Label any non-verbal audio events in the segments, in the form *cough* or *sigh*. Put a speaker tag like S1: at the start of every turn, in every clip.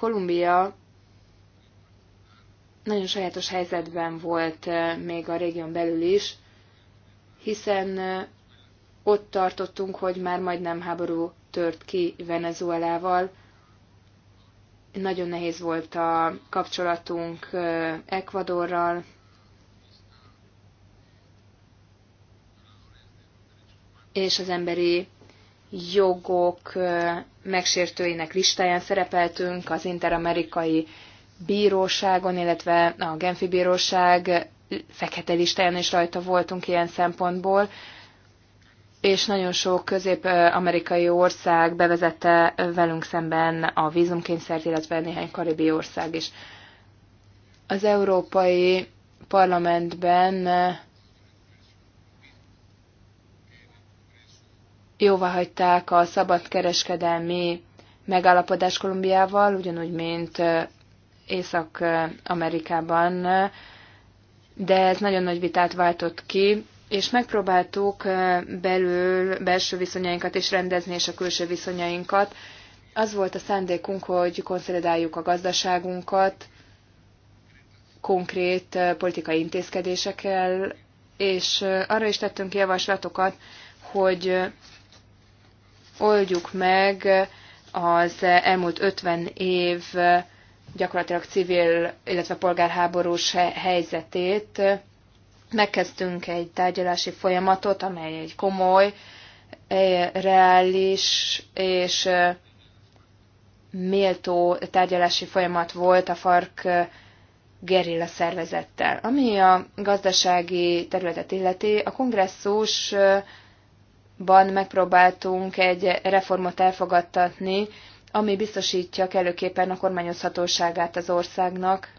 S1: Kolumbia nagyon sajátos helyzetben volt eh, még a régión belül is, hiszen eh, ott tartottunk, hogy már majdnem háború tört ki Venezuelával. Nagyon nehéz volt a kapcsolatunk eh, Ecuadorral. És az emberi jogok megsértőinek listáján szerepeltünk az interamerikai bíróságon, illetve a Genfi bíróság fekete listáján is rajta voltunk ilyen szempontból, és nagyon sok közép-amerikai ország bevezette velünk szemben a vízumkényszert, illetve néhány karibi ország is. Az Európai Parlamentben jóvá hagyták a szabadkereskedelmi megállapodás Kolumbiával, ugyanúgy, mint Észak-Amerikában, de ez nagyon nagy vitát váltott ki, és megpróbáltuk belül belső viszonyainkat is rendezni, és a külső viszonyainkat. Az volt a szándékunk, hogy konszolidáljuk a gazdaságunkat konkrét politikai intézkedésekkel, és arra is tettünk javaslatokat, hogy oldjuk meg az elmúlt 50 év gyakorlatilag civil, illetve polgárháborús helyzetét. Megkezdtünk egy tárgyalási folyamatot, amely egy komoly, eh, reális és eh, méltó tárgyalási folyamat volt a FARC eh, gerilla szervezettel. Ami a gazdasági területet illeti, a kongresszus ban megpróbáltunk egy reformot elfogadtatni, ami biztosítja kellőképpen a kormányozhatóságát az országnak.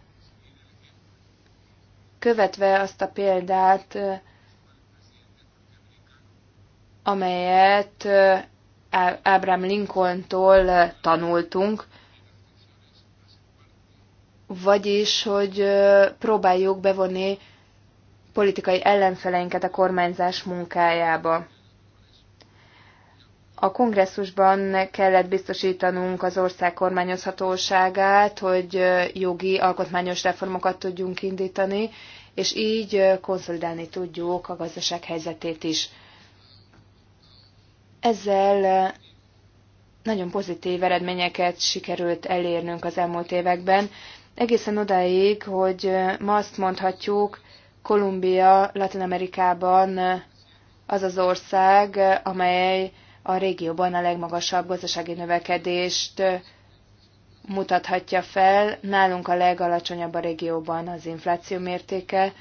S1: Követve azt a példát, amelyet Abraham Lincoln-tól tanultunk, vagyis, hogy próbáljuk bevonni politikai ellenfeleinket a kormányzás munkájába a kongresszusban kellett biztosítanunk az ország kormányozhatóságát, hogy jogi alkotmányos reformokat tudjunk indítani, és így konszolidálni tudjuk a gazdaság helyzetét is. Ezzel nagyon pozitív eredményeket sikerült elérnünk az elmúlt években, egészen odáig, hogy ma azt mondhatjuk, Kolumbia Latin Amerikában az az ország, amely a régióban a legmagasabb gazdasági növekedést mutathatja fel, nálunk a legalacsonyabb a régióban az infláció mértéke.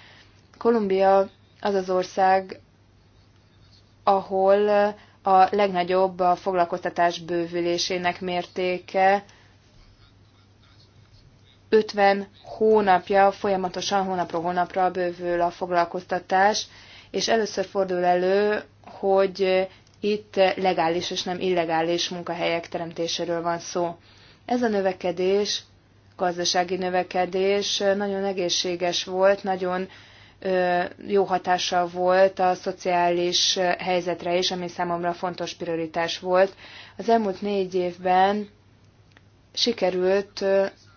S1: Kolumbia az az ország, ahol a legnagyobb a foglalkoztatás bővülésének mértéke, 50 hónapja, folyamatosan hónapról hónapra bővül a foglalkoztatás, és először fordul elő, hogy itt legális és nem illegális munkahelyek teremtéséről van szó. Ez a növekedés, gazdasági növekedés nagyon egészséges volt, nagyon jó hatása volt a szociális helyzetre is, ami számomra fontos prioritás volt. Az elmúlt négy évben sikerült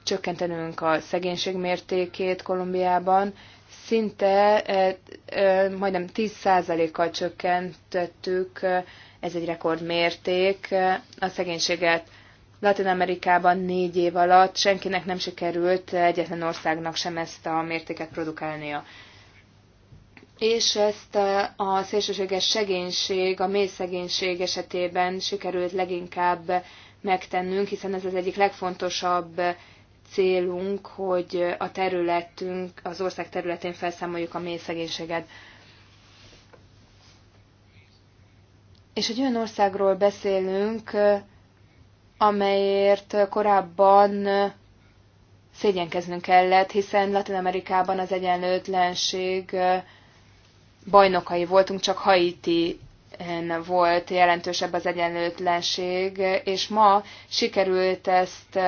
S1: csökkentenünk a szegénység mértékét Kolumbiában, szinte e, e, majdnem 10%-kal csökkentettük, e, ez egy rekordmérték, a szegénységet. Latin Amerikában négy év alatt senkinek nem sikerült egyetlen országnak sem ezt a mértéket produkálnia. És ezt a szélsőséges segénység, a mély szegénység esetében sikerült leginkább megtennünk, hiszen ez az egyik legfontosabb célunk, hogy a területünk, az ország területén felszámoljuk a mély szegénységet. És egy olyan országról beszélünk, amelyért korábban szégyenkeznünk kellett, hiszen Latin Amerikában az egyenlőtlenség bajnokai voltunk, csak Haiti volt jelentősebb az egyenlőtlenség, és ma sikerült ezt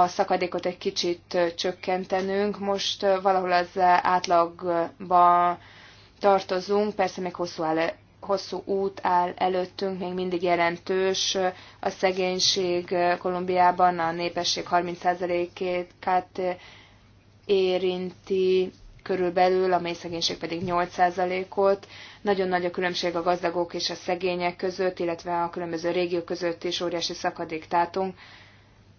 S1: a szakadékot egy kicsit csökkentenünk. Most valahol az átlagba tartozunk, persze még hosszú, áll, e- hosszú út áll előttünk, még mindig jelentős a szegénység Kolumbiában, a népesség 30%-át érinti körülbelül, a mély szegénység pedig 8%-ot. Nagyon nagy a különbség a gazdagok és a szegények között, illetve a különböző régiók között is óriási szakadék tátunk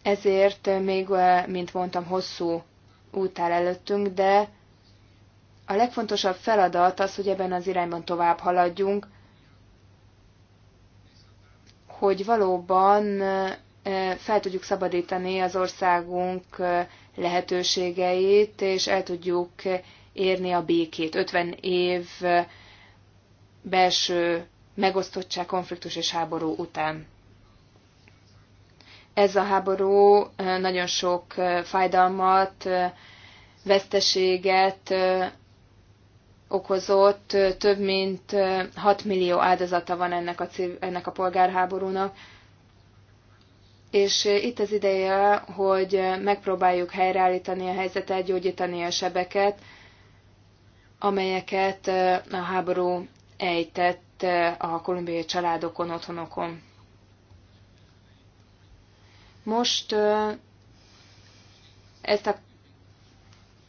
S1: ezért még, mint mondtam, hosszú út áll előttünk, de a legfontosabb feladat az, hogy ebben az irányban tovább haladjunk, hogy valóban fel tudjuk szabadítani az országunk lehetőségeit, és el tudjuk érni a békét. 50 év belső megosztottság, konfliktus és háború után. Ez a háború nagyon sok fájdalmat, veszteséget okozott, több mint 6 millió áldozata van ennek a, ennek a polgárháborúnak, és itt az ideje, hogy megpróbáljuk helyreállítani a helyzetet, gyógyítani a sebeket, amelyeket a háború ejtett a kolumbiai családokon, otthonokon. Most ezt a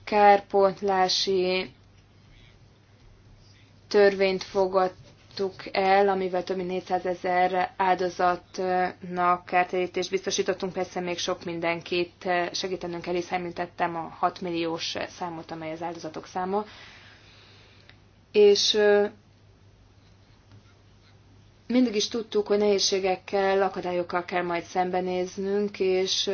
S1: kárpontlási törvényt fogadtuk el, amivel több mint 400 ezer áldozatnak kártérítést biztosítottunk. Persze még sok mindenkit segítenünk el, és említettem a 6 milliós számot, amely az áldozatok száma. És mindig is tudtuk, hogy nehézségekkel, akadályokkal kell majd szembenéznünk, és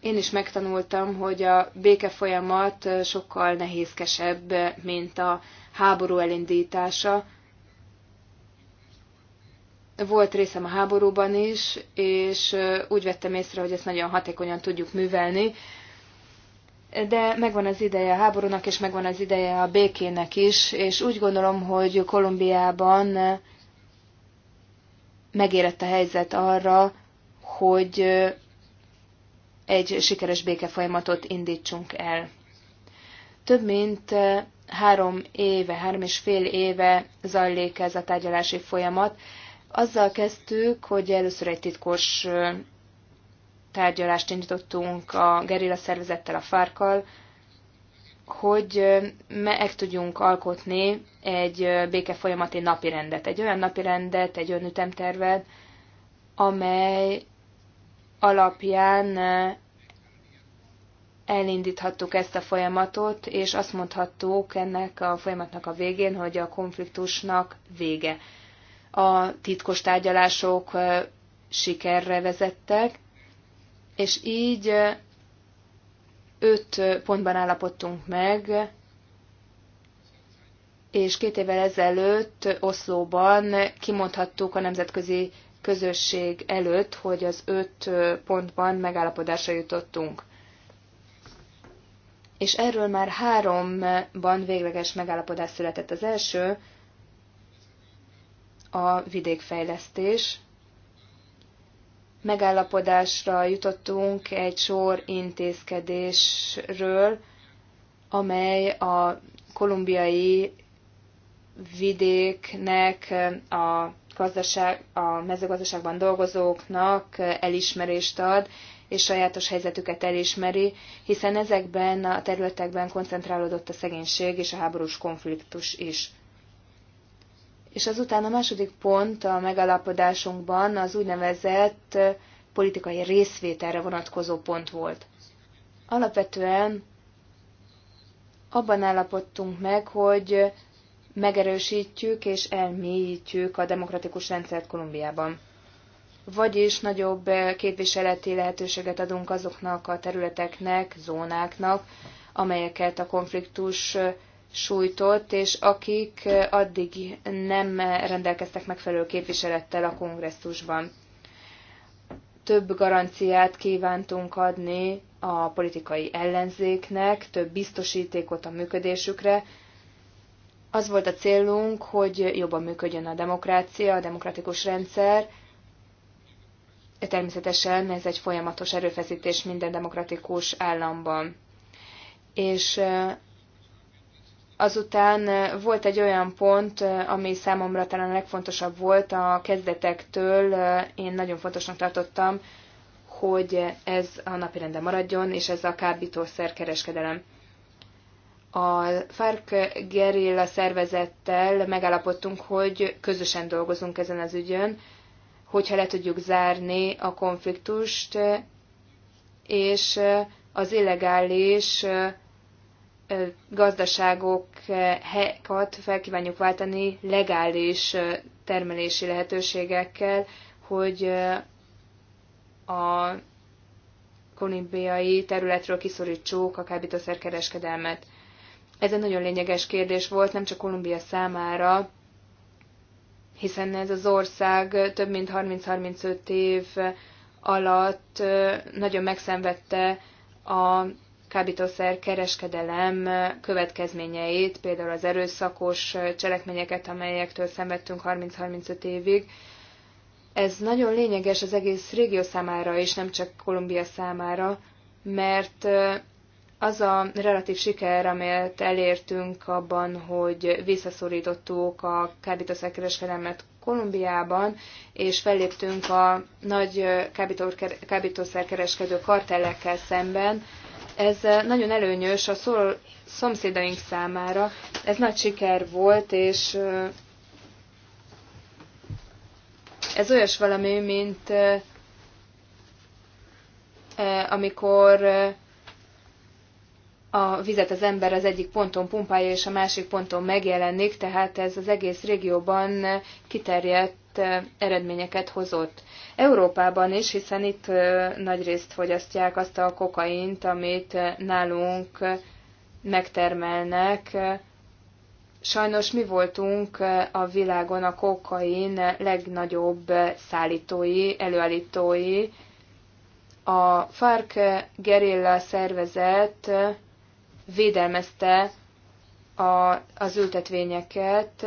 S1: én is megtanultam, hogy a béke folyamat sokkal nehézkesebb, mint a háború elindítása. Volt részem a háborúban is, és úgy vettem észre, hogy ezt nagyon hatékonyan tudjuk művelni, de megvan az ideje a háborúnak, és megvan az ideje a békének is, és úgy gondolom, hogy Kolumbiában megérett a helyzet arra, hogy egy sikeres békefolyamatot indítsunk el. Több mint három éve, három és fél éve zajlik ez a tárgyalási folyamat. Azzal kezdtük, hogy először egy titkos tárgyalást indítottunk a gerilla szervezettel, a fárkal, hogy meg tudjunk alkotni egy napi napirendet. Egy olyan napirendet, egy olyan amely alapján elindíthattuk ezt a folyamatot, és azt mondhattuk ennek a folyamatnak a végén, hogy a konfliktusnak vége. A titkos tárgyalások sikerre vezettek, és így öt pontban állapodtunk meg, és két évvel ezelőtt Oszlóban kimondhattuk a nemzetközi közösség előtt, hogy az öt pontban megállapodásra jutottunk. És erről már háromban végleges megállapodás született. Az első a vidékfejlesztés, megállapodásra jutottunk egy sor intézkedésről, amely a kolumbiai vidéknek, a, gazdaság, a mezőgazdaságban dolgozóknak elismerést ad, és sajátos helyzetüket elismeri, hiszen ezekben a területekben koncentrálódott a szegénység és a háborús konfliktus is. És azután a második pont a megállapodásunkban az úgynevezett politikai részvételre vonatkozó pont volt. Alapvetően abban állapodtunk meg, hogy megerősítjük és elmélyítjük a demokratikus rendszert Kolumbiában. Vagyis nagyobb képviseleti lehetőséget adunk azoknak a területeknek, zónáknak, amelyeket a konfliktus sújtott, és akik addig nem rendelkeztek megfelelő képviselettel a kongresszusban. Több garanciát kívántunk adni a politikai ellenzéknek, több biztosítékot a működésükre. Az volt a célunk, hogy jobban működjön a demokrácia, a demokratikus rendszer. Természetesen ez egy folyamatos erőfeszítés minden demokratikus államban. És Azután eh, volt egy olyan pont, eh, ami számomra talán a legfontosabb volt a kezdetektől. Eh, én nagyon fontosnak tartottam, hogy ez a napirenden maradjon, és ez a kábítószer kereskedelem. A FARC gerilla szervezettel megállapodtunk, hogy közösen dolgozunk ezen az ügyön, hogyha le tudjuk zárni a konfliktust, és az illegális gazdaságokat felkívánjuk váltani legális termelési lehetőségekkel, hogy a kolumbiai területről kiszorítsuk a kábítószerkereskedelmet. Ez egy nagyon lényeges kérdés volt, nem csak Kolumbia számára, hiszen ez az ország több mint 30-35 év alatt nagyon megszenvedte a kábítószer kereskedelem következményeit, például az erőszakos cselekményeket, amelyektől szenvedtünk 30-35 évig. Ez nagyon lényeges az egész régió számára, és nem csak Kolumbia számára, mert az a relatív siker, amelyet elértünk abban, hogy visszaszorítottuk a kábítószerkereskedelmet Kolumbiában, és felléptünk a nagy kábítószerkereskedő kartellekkel szemben, ez eh, nagyon előnyös a szol- szomszédaink számára. Ez nagy siker volt, és eh, ez olyas valami, mint eh, amikor a vizet az ember az egyik ponton pumpálja, és a másik ponton megjelenik, tehát ez az egész régióban kiterjedt eredményeket hozott. Európában is, hiszen itt nagyrészt fogyasztják azt a kokaint, amit nálunk megtermelnek. Sajnos mi voltunk a világon a kokain legnagyobb szállítói, előállítói. A FARC gerilla szervezet védelmezte a, az ültetvényeket,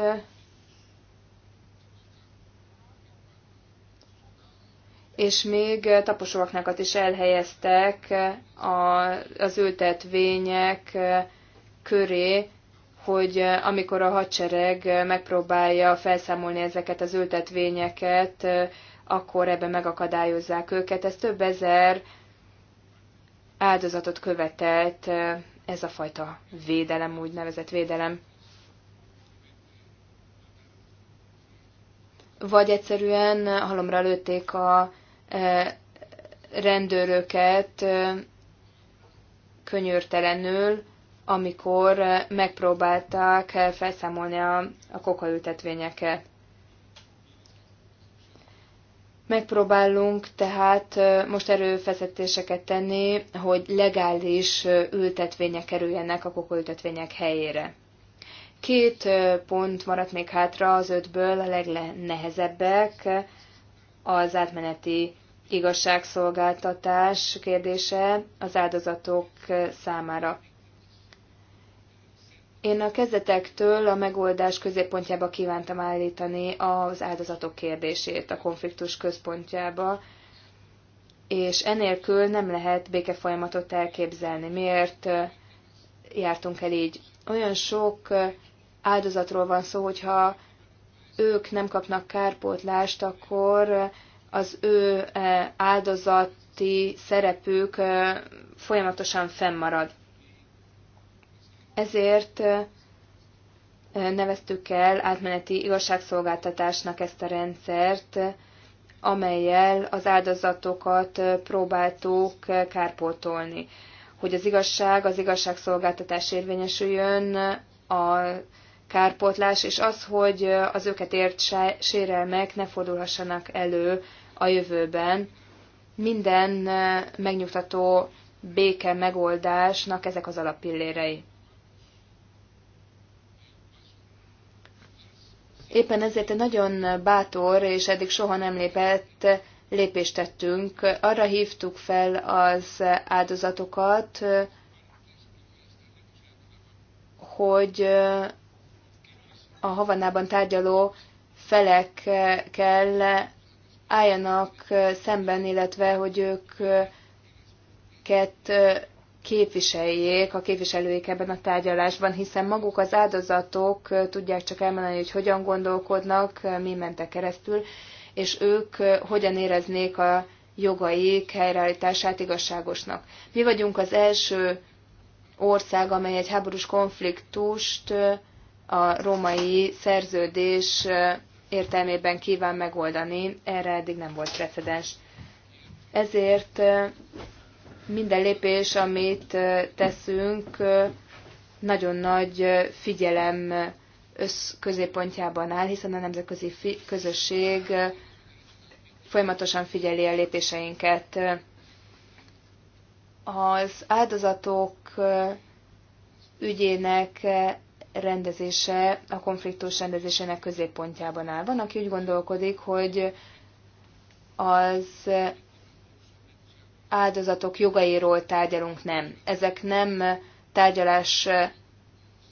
S1: és még taposóaknákat is elhelyeztek az ültetvények köré, hogy amikor a hadsereg megpróbálja felszámolni ezeket az ültetvényeket, akkor ebben megakadályozzák őket. Ez több ezer áldozatot követelt ez a fajta védelem, úgynevezett védelem. Vagy egyszerűen halomra lőtték a rendőröket könyörtelenül, amikor megpróbálták felszámolni a, a kokaültetvényeket. Megpróbálunk tehát most erőfeszítéseket tenni, hogy legális ültetvények kerüljenek a kokaültetvények helyére. Két pont maradt még hátra az ötből, a legnehezebbek az átmeneti igazságszolgáltatás kérdése az áldozatok számára. Én a kezdetektől a megoldás középpontjába kívántam állítani az áldozatok kérdését, a konfliktus központjába, és enélkül nem lehet békefolyamatot elképzelni. Miért eh, jártunk el így? Olyan sok eh, áldozatról van szó, hogyha ők nem kapnak kárpótlást, akkor az ő e, áldozati szerepük e, folyamatosan fennmarad. Ezért e, neveztük el átmeneti igazságszolgáltatásnak ezt a rendszert, amelyel az áldozatokat próbáltuk kárpótolni. Hogy az igazság, az igazságszolgáltatás érvényesüljön, a kárpotlás, és az, hogy az őket ért sérelmek ne fordulhassanak elő a jövőben. Minden megnyugtató béke megoldásnak ezek az alappillérei. Éppen ezért egy nagyon bátor és eddig soha nem lépett lépést tettünk. Arra hívtuk fel az áldozatokat, hogy a Havanában tárgyaló felekkel álljanak szemben, illetve hogy őket képviseljék a képviselőik ebben a tárgyalásban, hiszen maguk az áldozatok tudják csak elmondani, hogy hogyan gondolkodnak, mi mentek keresztül, és ők hogyan éreznék a jogaik helyreállítását igazságosnak. Mi vagyunk az első ország, amely egy háborús konfliktust a római szerződés értelmében kíván megoldani, erre eddig nem volt precedens. Ezért minden lépés, amit teszünk, nagyon nagy figyelem középpontjában áll, hiszen a nemzetközi közösség folyamatosan figyeli a lépéseinket. Az áldozatok ügyének rendezése a konfliktus rendezésének középpontjában áll. Van, aki úgy gondolkodik, hogy az áldozatok jogairól tárgyalunk, nem. Ezek nem tárgyalás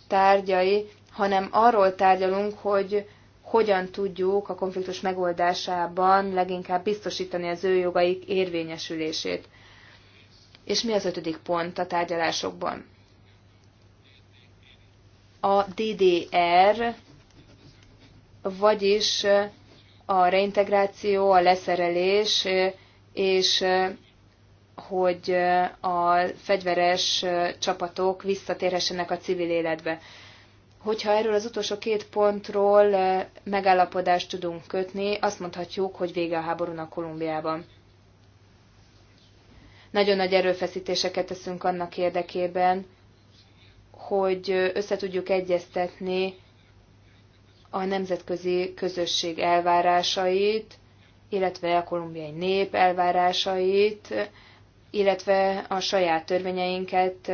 S1: tárgyai, hanem arról tárgyalunk, hogy hogyan tudjuk a konfliktus megoldásában leginkább biztosítani az ő jogaik érvényesülését. És mi az ötödik pont a tárgyalásokban? a DDR, vagyis a reintegráció, a leszerelés, és hogy a fegyveres csapatok visszatérhessenek a civil életbe. Hogyha erről az utolsó két pontról megállapodást tudunk kötni, azt mondhatjuk, hogy vége a háborúnak Kolumbiában. Nagyon nagy erőfeszítéseket teszünk annak érdekében, hogy összetudjuk egyeztetni a nemzetközi közösség elvárásait, illetve a kolumbiai nép elvárásait, illetve a saját törvényeinket,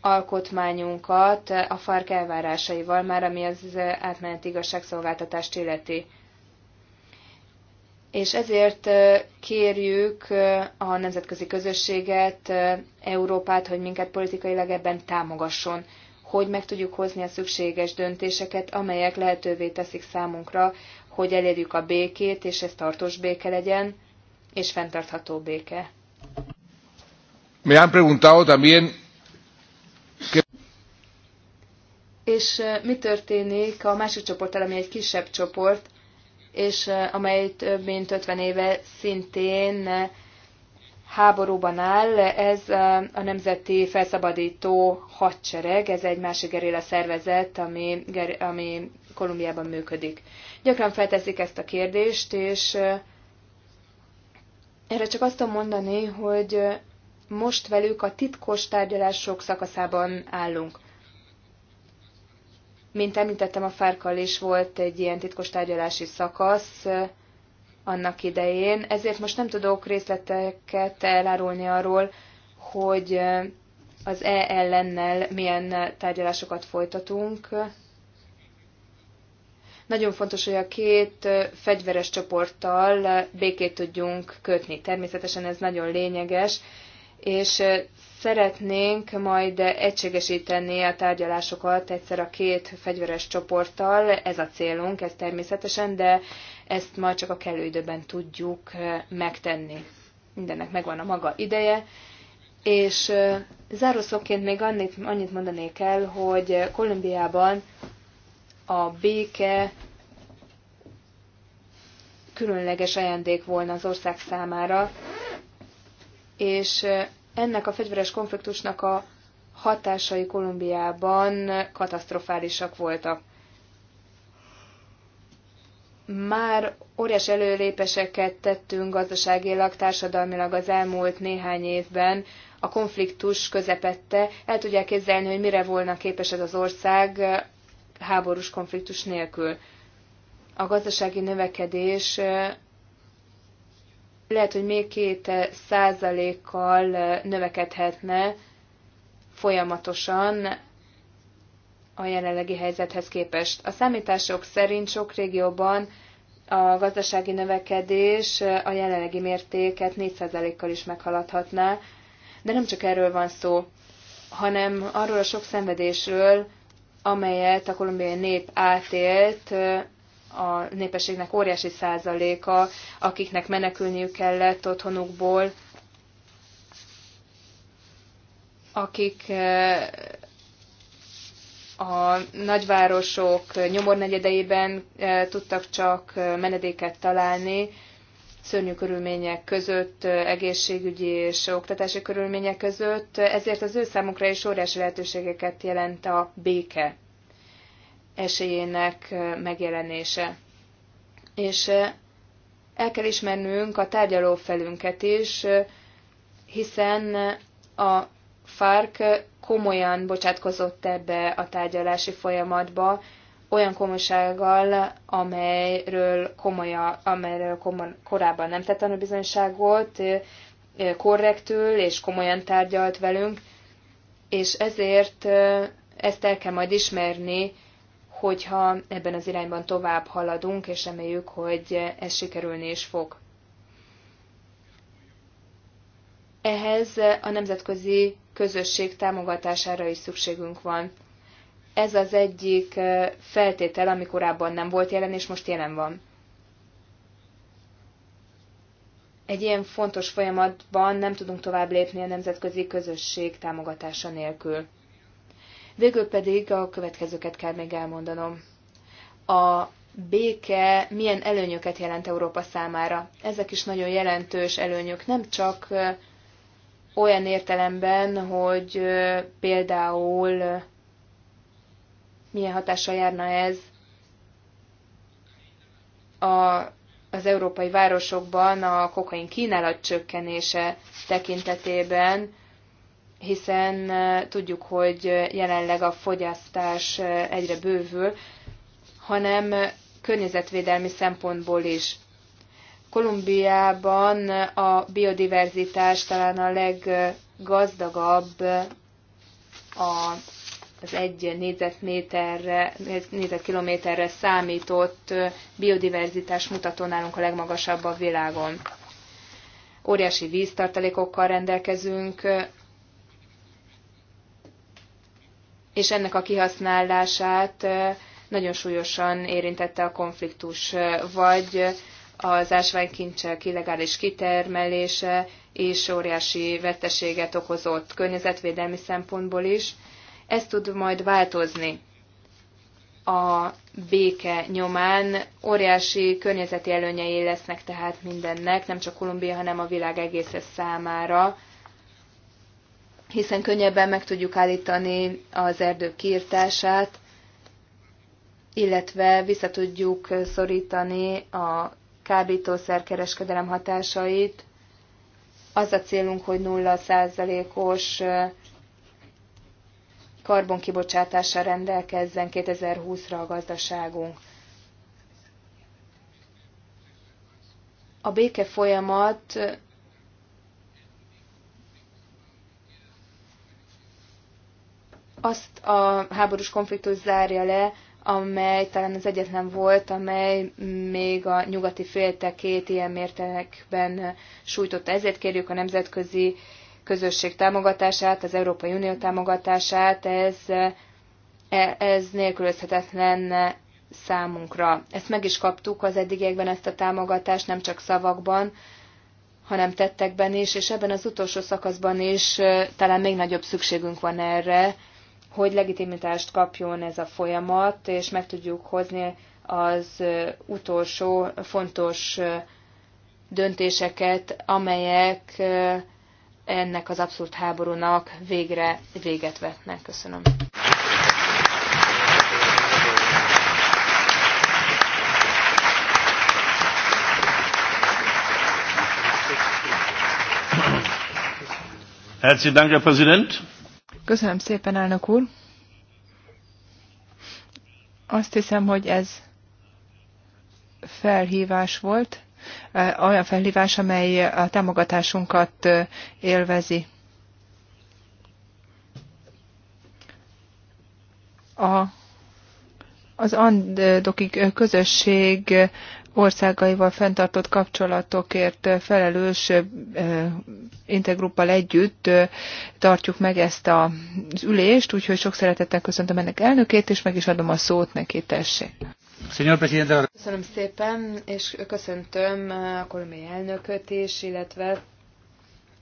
S1: alkotmányunkat a FARC elvárásaival, már ami az átmeneti igazságszolgáltatást illeti és ezért kérjük a nemzetközi közösséget, Európát, hogy minket politikailag ebben támogasson, hogy meg tudjuk hozni a szükséges döntéseket, amelyek lehetővé teszik számunkra, hogy elérjük a békét, és ez tartós béke legyen, és fenntartható béke.
S2: Me han preguntado también
S1: és mi történik a másik csoporttal, ami egy kisebb csoport, és amely több mint 50 éve szintén háborúban áll. Ez a Nemzeti Felszabadító Hadsereg, ez egy másik gerilla szervezet, ami, ami Kolumbiában működik. Gyakran felteszik ezt a kérdést, és erre csak azt tudom mondani, hogy most velük a titkos tárgyalások szakaszában állunk. Mint említettem, a Fárkal is volt egy ilyen titkos tárgyalási szakasz annak idején, ezért most nem tudok részleteket elárulni arról, hogy az E ellennel milyen tárgyalásokat folytatunk. Nagyon fontos, hogy a két fegyveres csoporttal békét tudjunk kötni. Természetesen ez nagyon lényeges, és Szeretnénk majd egységesíteni a tárgyalásokat egyszer a két fegyveres csoporttal, ez a célunk, ez természetesen, de ezt majd csak a kellő időben tudjuk eh, megtenni. Mindennek megvan a maga ideje. És eh, zárószóként még annyit, annyit mondanék el, hogy Kolumbiában a béke különleges ajándék volna az ország számára, és eh, ennek a fegyveres konfliktusnak a hatásai Kolumbiában katasztrofálisak voltak. Már óriás előlépeseket tettünk gazdaságilag, társadalmilag az elmúlt néhány évben a konfliktus közepette. El tudják képzelni, hogy mire volna képes ez az ország háborús konfliktus nélkül. A gazdasági növekedés lehet, hogy még két eh, százalékkal eh, növekedhetne folyamatosan a jelenlegi helyzethez képest. A számítások szerint sok régióban a gazdasági növekedés eh, a jelenlegi mértéket 4%-kal is meghaladhatná, de nem csak erről van szó, hanem arról a sok szenvedésről, amelyet a kolumbiai nép átélt a népességnek óriási százaléka, akiknek menekülniük kellett otthonukból, akik eh, a nagyvárosok nyomornegyedeiben eh, tudtak csak eh, menedéket találni, szörnyű körülmények között, egészségügyi és oktatási körülmények között, ezért az ő számukra is óriási lehetőségeket jelent a béke esélyének megjelenése. És el kell ismernünk a tárgyaló felünket is, hiszen a FARC komolyan bocsátkozott ebbe a tárgyalási folyamatba, olyan komolysággal, amelyről, komolya, amelyről komoly, korábban nem tett tanúbizonyságot, korrektül és komolyan tárgyalt velünk, és ezért ezt el kell majd ismerni hogyha ebben az irányban tovább haladunk, és reméljük, hogy ez sikerülni is fog. Ehhez a nemzetközi közösség támogatására is szükségünk van. Ez az egyik feltétel, ami korábban nem volt jelen, és most jelen van. Egy ilyen fontos folyamatban nem tudunk tovább lépni a nemzetközi közösség támogatása nélkül. Végül pedig a következőket kell még elmondanom. A béke milyen előnyöket jelent Európa számára. Ezek is nagyon jelentős előnyök, nem csak olyan értelemben, hogy például milyen hatással járna ez a, az európai városokban a kokain kínálat csökkenése tekintetében, hiszen tudjuk, hogy jelenleg a fogyasztás egyre bővül, hanem környezetvédelmi szempontból is. Kolumbiában a biodiverzitás talán a leggazdagabb a, az egy négyzetméterre, négyzetkilométerre számított biodiverzitás mutató nálunk a legmagasabb a világon. Óriási víztartalékokkal rendelkezünk, és ennek a kihasználását nagyon súlyosan érintette a konfliktus, vagy az ásványkincsek illegális kitermelése és óriási vetteséget okozott környezetvédelmi szempontból is. Ez tud majd változni a béke nyomán. Óriási környezeti előnyei lesznek tehát mindennek, nem csak Kolumbia, hanem a világ egésze számára hiszen könnyebben meg tudjuk állítani az erdők kiirtását, illetve vissza tudjuk szorítani a kábítószerkereskedelem hatásait. Az a célunk, hogy 0%-os karbonkibocsátással rendelkezzen 2020-ra a gazdaságunk. A béke folyamat azt a háborús konfliktus zárja le, amely talán az egyetlen volt, amely még a nyugati féltekét ilyen mértékben sújtotta. Ezért kérjük a nemzetközi közösség támogatását, az Európai Unió támogatását, ez, e, ez nélkülözhetetlen számunkra. Ezt meg is kaptuk az eddigiekben, ezt a támogatást, nem csak szavakban, hanem tettekben is, és ebben az utolsó szakaszban is e, talán még nagyobb szükségünk van erre, hogy legitimitást kapjon ez a folyamat, és meg tudjuk hozni az utolsó fontos döntéseket, amelyek ennek az abszurd háborúnak végre véget vetnek. Köszönöm.
S2: Herzlichen Dank, Herr Präsident.
S3: Köszönöm szépen, elnök úr. Azt hiszem, hogy ez felhívás volt, olyan felhívás, amely a támogatásunkat élvezi. A, az andokig közösség országaival fenntartott kapcsolatokért felelős intergruppal együtt tartjuk meg ezt az ülést, úgyhogy sok szeretettel köszöntöm ennek elnökét, és meg is adom a szót neki, tessék.
S1: Köszönöm szépen, és köszöntöm a kolumbiai elnököt is, illetve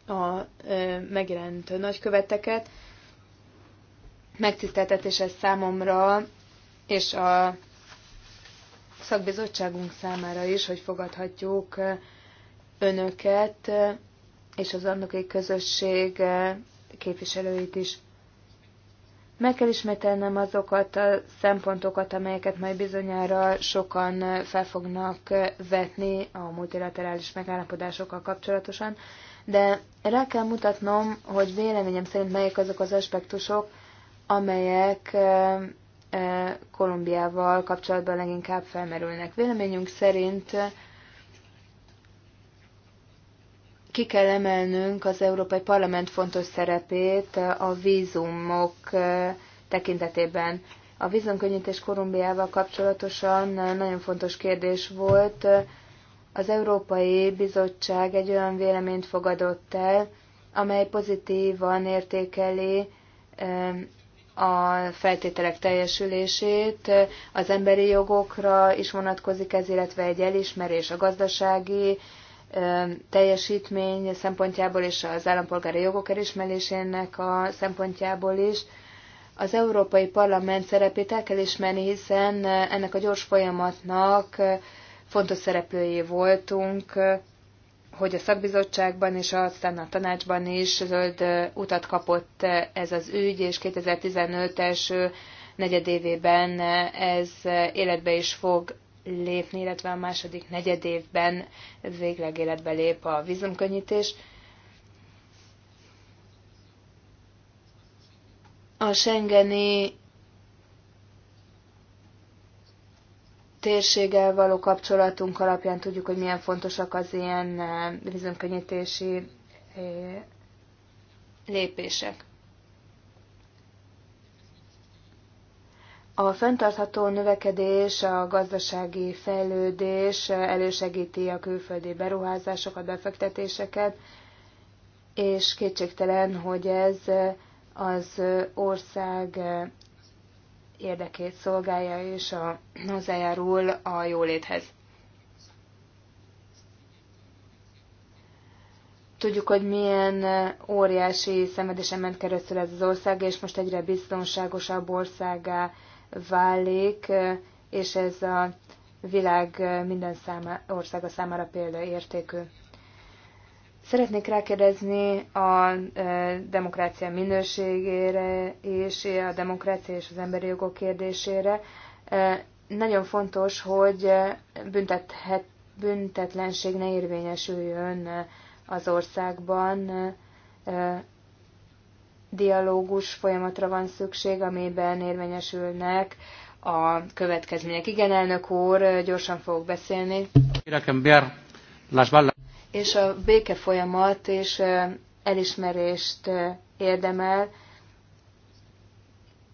S1: a megjelent nagyköveteket. Megtiszteltetés ez számomra, és a szakbizottságunk számára is, hogy fogadhatjuk önöket és az egy közösség képviselőit is. Meg kell ismételnem azokat a szempontokat, amelyeket majd bizonyára sokan fel fognak vetni a multilaterális megállapodásokkal kapcsolatosan, de rá kell mutatnom, hogy véleményem szerint melyek azok az aspektusok, amelyek E, Kolumbiával kapcsolatban leginkább felmerülnek. Véleményünk szerint ki kell emelnünk az Európai Parlament fontos szerepét a vízumok e, tekintetében. A vízumkönnyítés Kolumbiával kapcsolatosan nagyon fontos kérdés volt. Az Európai Bizottság egy olyan véleményt fogadott el, amely pozitívan értékeli e, a feltételek teljesülését, az emberi jogokra is vonatkozik ez, illetve egy elismerés a gazdasági teljesítmény szempontjából és az állampolgári jogok elismerésének a szempontjából is. Az Európai Parlament szerepét el kell ismerni, hiszen ennek a gyors folyamatnak fontos szereplői voltunk, hogy a szakbizottságban és aztán a tanácsban is zöld utat kapott ez az ügy, és 2015-es negyedévében ez életbe is fog lépni, illetve a második negyedévben végleg életbe lép a vízumkönnyítés. A Schengeni térséggel való kapcsolatunk alapján tudjuk, hogy milyen fontosak az ilyen eh, vízumkönnyítési eh, lépések. A fenntartható növekedés, a gazdasági fejlődés eh, elősegíti a külföldi beruházásokat, befektetéseket, és kétségtelen, hogy ez az ország érdekét szolgálja és a, hozzájárul a jóléthez. Tudjuk, hogy milyen óriási szenvedésen ment keresztül ez az ország, és most egyre biztonságosabb országá válik, és ez a világ minden száma, országa számára példaértékű. Szeretnék rákérdezni a e, demokrácia minőségére és a demokrácia és az emberi jogok kérdésére. E, nagyon fontos, hogy büntethet, büntetlenség ne érvényesüljön az országban. E, dialógus folyamatra van szükség, amiben érvényesülnek a következmények. Igen, elnök úr, gyorsan fogok beszélni és a béke folyamat és elismerést érdemel,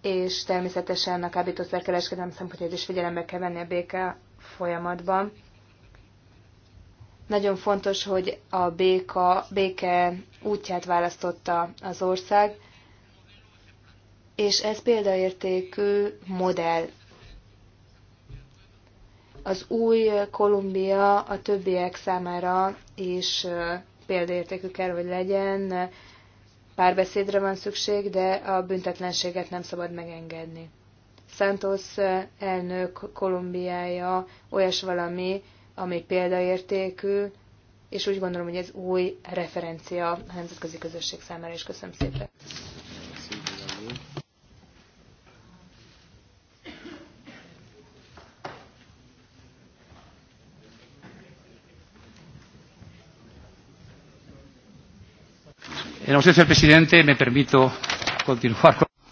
S1: és természetesen a kábítószerkereskedelem szempontjából is figyelembe kell venni a béke folyamatban. Nagyon fontos, hogy a béka, béke útját választotta az ország, és ez példaértékű modell az új Kolumbia a többiek számára is példaértékű kell, hogy legyen. Párbeszédre van szükség, de a büntetlenséget nem szabad megengedni. Santos elnök Kolumbiája olyas valami, ami példaértékű, és úgy gondolom, hogy ez új referencia a nemzetközi közösség számára is. Köszönöm szépen!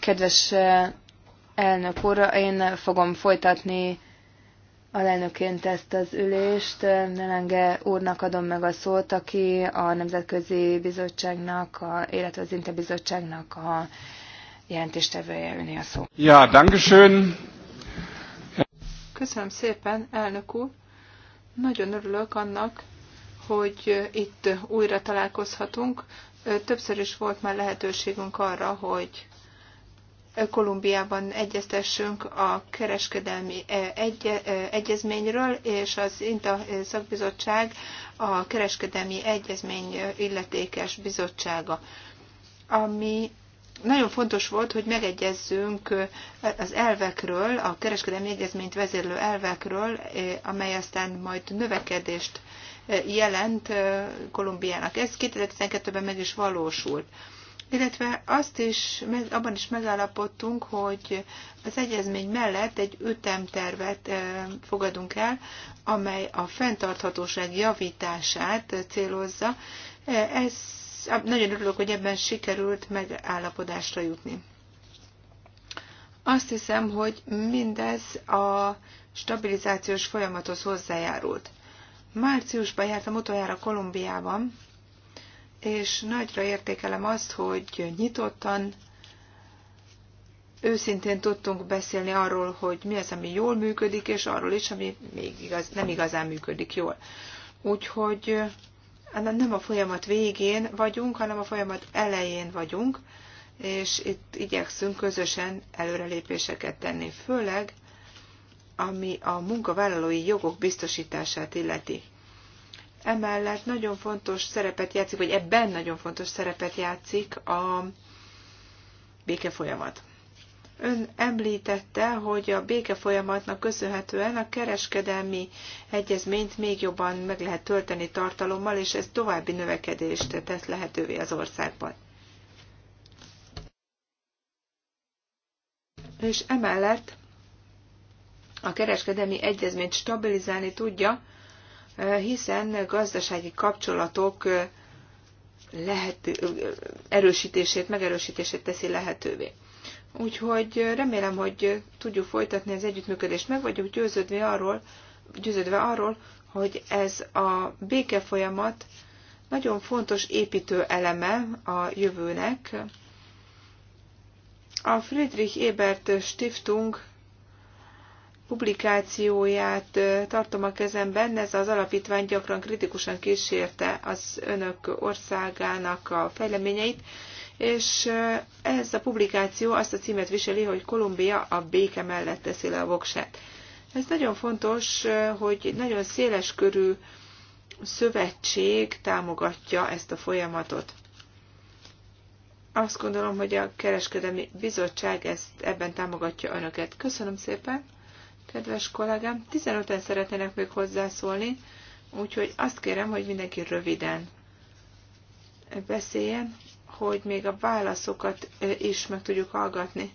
S1: Kedves eh, elnök úr, én fogom folytatni alelnökként ezt az ülést. Nelenge úrnak adom meg a szót, aki a Nemzetközi Bizottságnak, a, illetve az Interbizottságnak a jelentéstevője öné a
S2: szó. Ja, dankeschön.
S3: Köszönöm szépen, elnök úr. Nagyon örülök annak, hogy itt újra találkozhatunk. Többször is volt már lehetőségünk arra, hogy Kolumbiában egyeztessünk a kereskedelmi egye, egyezményről, és az INTA szakbizottság a kereskedelmi egyezmény illetékes bizottsága, ami nagyon fontos volt, hogy megegyezzünk az elvekről, a kereskedelmi egyezményt vezérlő elvekről, amely aztán majd növekedést jelent Kolumbiának. Ez 2012-ben meg is valósult. Illetve azt is, abban is megállapodtunk, hogy az egyezmény mellett egy ütemtervet fogadunk el, amely a fenntarthatóság javítását célozza. Ez, nagyon örülök, hogy ebben sikerült megállapodásra jutni. Azt hiszem, hogy mindez a stabilizációs folyamathoz hozzájárult. Márciusban jártam utoljára Kolumbiában, és nagyra értékelem azt, hogy nyitottan, őszintén tudtunk beszélni arról, hogy mi az, ami jól működik, és arról is, ami még igaz, nem igazán működik jól. Úgyhogy hát nem a folyamat végén vagyunk, hanem a folyamat elején vagyunk, és itt igyekszünk közösen előrelépéseket tenni, főleg ami a munkavállalói jogok biztosítását illeti. Emellett nagyon fontos szerepet játszik, vagy ebben nagyon fontos szerepet játszik a békefolyamat. Ön említette, hogy a békefolyamatnak köszönhetően a kereskedelmi egyezményt még jobban meg lehet tölteni tartalommal, és ez további növekedést tesz lehetővé az országban. És emellett a kereskedelmi egyezményt stabilizálni tudja, hiszen gazdasági kapcsolatok lehető, erősítését, megerősítését teszi lehetővé. Úgyhogy remélem, hogy tudjuk folytatni az együttműködést. Meg vagyok győződve arról, győződve arról, hogy ez a béke folyamat nagyon fontos építő eleme a jövőnek. A Friedrich Ebert Stiftung publikációját tartom a kezemben, ez az alapítvány gyakran kritikusan kísérte az önök országának a fejleményeit, és ez a publikáció azt a címet viseli, hogy Kolumbia a béke mellett teszi le a voksát. Ez nagyon fontos, hogy nagyon széles körű szövetség támogatja ezt a folyamatot. Azt gondolom, hogy a kereskedelmi bizottság ezt ebben támogatja önöket. Köszönöm szépen! kedves kollégám. 15-en szeretnének még hozzászólni, úgyhogy azt kérem, hogy mindenki röviden beszéljen, hogy még a válaszokat is meg tudjuk hallgatni.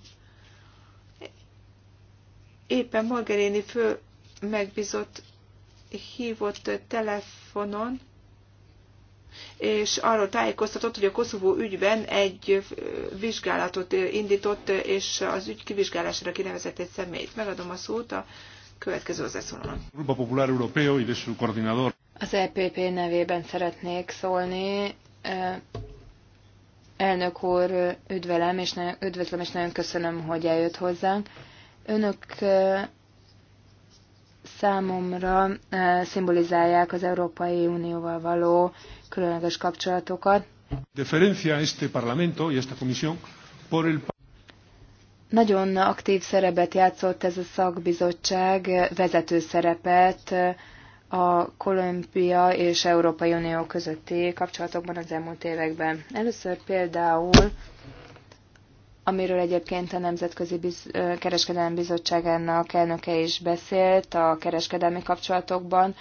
S3: Éppen Morgeréni fő megbízott hívott telefonon, és arról tájékoztatott, hogy a Koszovó ügyben egy vizsgálatot indított, és az ügy kivizsgálására kinevezett egy személyt. Megadom a szót a következő hozzászólónak.
S2: Europeo
S1: Az EPP nevében szeretnék szólni. Elnök úr, üdvelem, és nagyon, üdvözlöm, és nagyon köszönöm, hogy eljött hozzánk. Önök számomra eh, szimbolizálják az Európai Unióval való különleges kapcsolatokat.
S2: Deferencia este Parlamento y esta Comisión por el
S1: nagyon aktív szerepet játszott ez a szakbizottság, vezető szerepet eh, a Kolumbia és Európai Unió közötti kapcsolatokban az elmúlt években. Először például amiről egyébként a Nemzetközi Biz- Kereskedelmi Bizottságának elnöke is beszélt a kereskedelmi kapcsolatokban,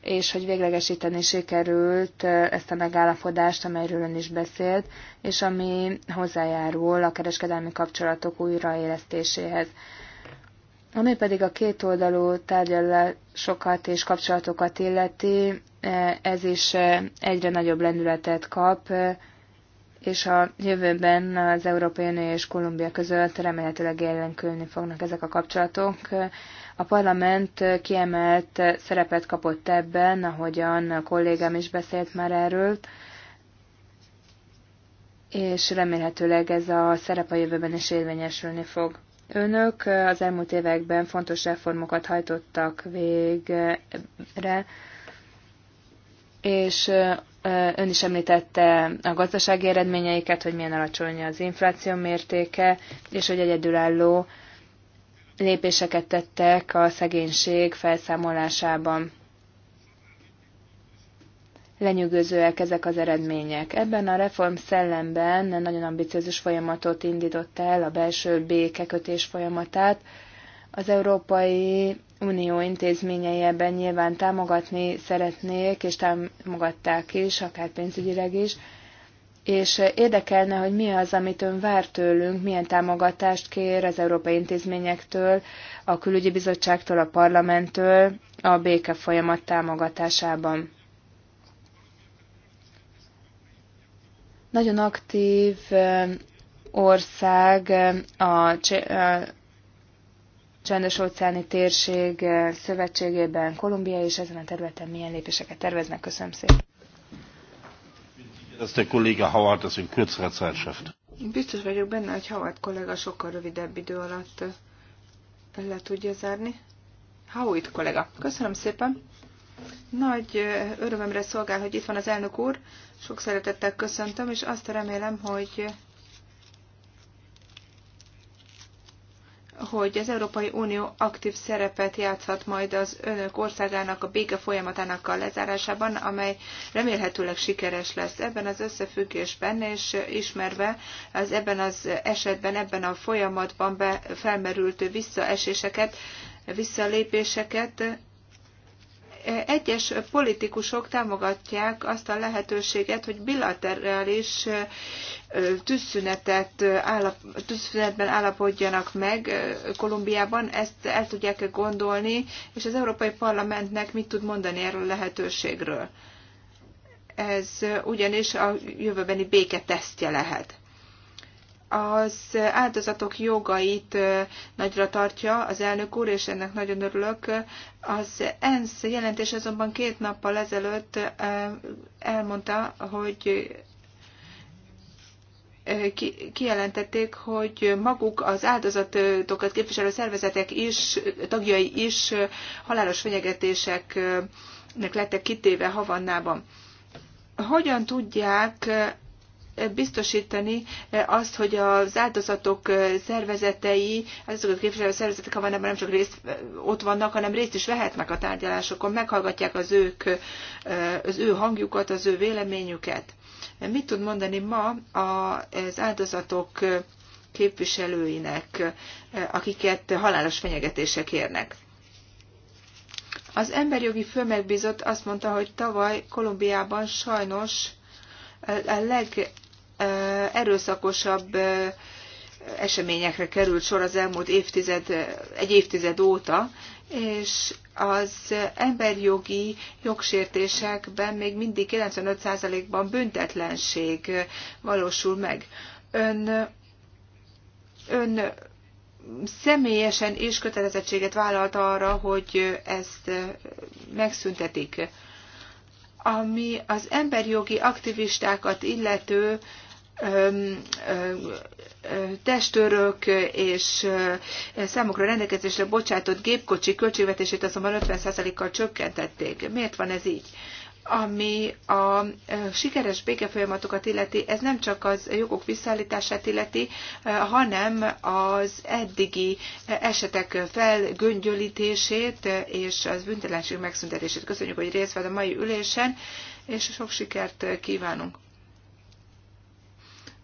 S1: és hogy véglegesíteni sikerült ezt a megállapodást, amelyről ön is beszélt, és ami hozzájárul a kereskedelmi kapcsolatok újraélesztéséhez. Ami pedig a kétoldalú tárgyalásokat és kapcsolatokat illeti, ez is egyre nagyobb lendületet kap, és a jövőben az Európai Unió és Kolumbia között remélhetőleg jelenkülni fognak ezek a kapcsolatok. A parlament kiemelt szerepet kapott ebben, ahogyan a kollégám is beszélt már erről, és remélhetőleg ez a szerep a jövőben is érvényesülni fog. Önök az elmúlt években fontos reformokat hajtottak végre, és Ön is említette a gazdasági eredményeiket, hogy milyen alacsony az infláció mértéke, és hogy egyedülálló lépéseket tettek a szegénység felszámolásában. Lenyűgözőek ezek az eredmények. Ebben a reform szellemben nagyon ambiciózus folyamatot indított el, a belső békekötés folyamatát. Az európai Unió intézményei ebben nyilván támogatni szeretnék, és támogatták is, akár pénzügyileg is, és érdekelne, hogy mi az, amit ön vár tőlünk, milyen támogatást kér az európai intézményektől, a külügyi bizottságtól, a parlamenttől a béke folyamat támogatásában. Nagyon aktív ország a csendes óceáni térség eh, szövetségében Kolumbia és ezen a területen milyen lépéseket terveznek. Köszönöm szépen.
S2: Dass der kolléga Howard az egy kürzerer
S3: Biztos vagyok benne, hogy Howard kollega sokkal rövidebb idő alatt eh, le tudja zárni. Howard kollega, köszönöm szépen. Nagy eh, örömömre szolgál, hogy itt van az elnök úr. Sok szeretettel köszöntöm, és azt remélem, hogy hogy az Európai Unió aktív szerepet játszhat majd az önök országának a béke folyamatának a lezárásában, amely remélhetőleg sikeres lesz ebben az összefüggésben, és ismerve az ebben az esetben, ebben a folyamatban be felmerült visszaeséseket, visszalépéseket, egyes politikusok támogatják azt a lehetőséget, hogy bilaterális tűzszünetet, állap, tűzszünetben állapodjanak meg Kolumbiában, ezt el tudják -e gondolni, és az Európai Parlamentnek mit tud mondani erről a lehetőségről. Ez ugyanis a jövőbeni béke tesztje lehet az áldozatok jogait nagyra tartja az elnök úr, és ennek nagyon örülök. Az ENSZ jelentés azonban két nappal ezelőtt elmondta, hogy kijelentették, hogy maguk az áldozatokat képviselő szervezetek is, tagjai is halálos fenyegetéseknek lettek kitéve Havannában. Hogyan tudják biztosítani eh, azt, hogy az áldozatok eh, szervezetei, a képviselő szervezetek, amelyek nem csak részt, eh, ott vannak, hanem részt is vehetnek a tárgyalásokon, meghallgatják az, ők, az ő hangjukat, az ő véleményüket. Mit tud mondani ma az áldozatok képviselőinek, akiket halálos fenyegetések érnek? Az emberjogi főmegbízott azt mondta, hogy tavaly Kolumbiában sajnos a leg erőszakosabb eseményekre került sor az elmúlt évtized, egy évtized óta, és az emberjogi jogsértésekben még mindig 95%-ban büntetlenség valósul meg. Ön, ön személyesen is kötelezettséget vállalt arra, hogy ezt megszüntetik. Ami az emberjogi aktivistákat illető testőrök és számukra rendelkezésre bocsátott gépkocsi költségvetését azonban 50%-kal csökkentették. Miért van ez így? ami a sikeres békefolyamatokat illeti, ez nem csak az jogok visszaállítását illeti, hanem az eddigi esetek felgöngyölítését és az büntetlenség megszüntetését. Köszönjük, hogy részt vett a mai ülésen, és sok sikert kívánunk!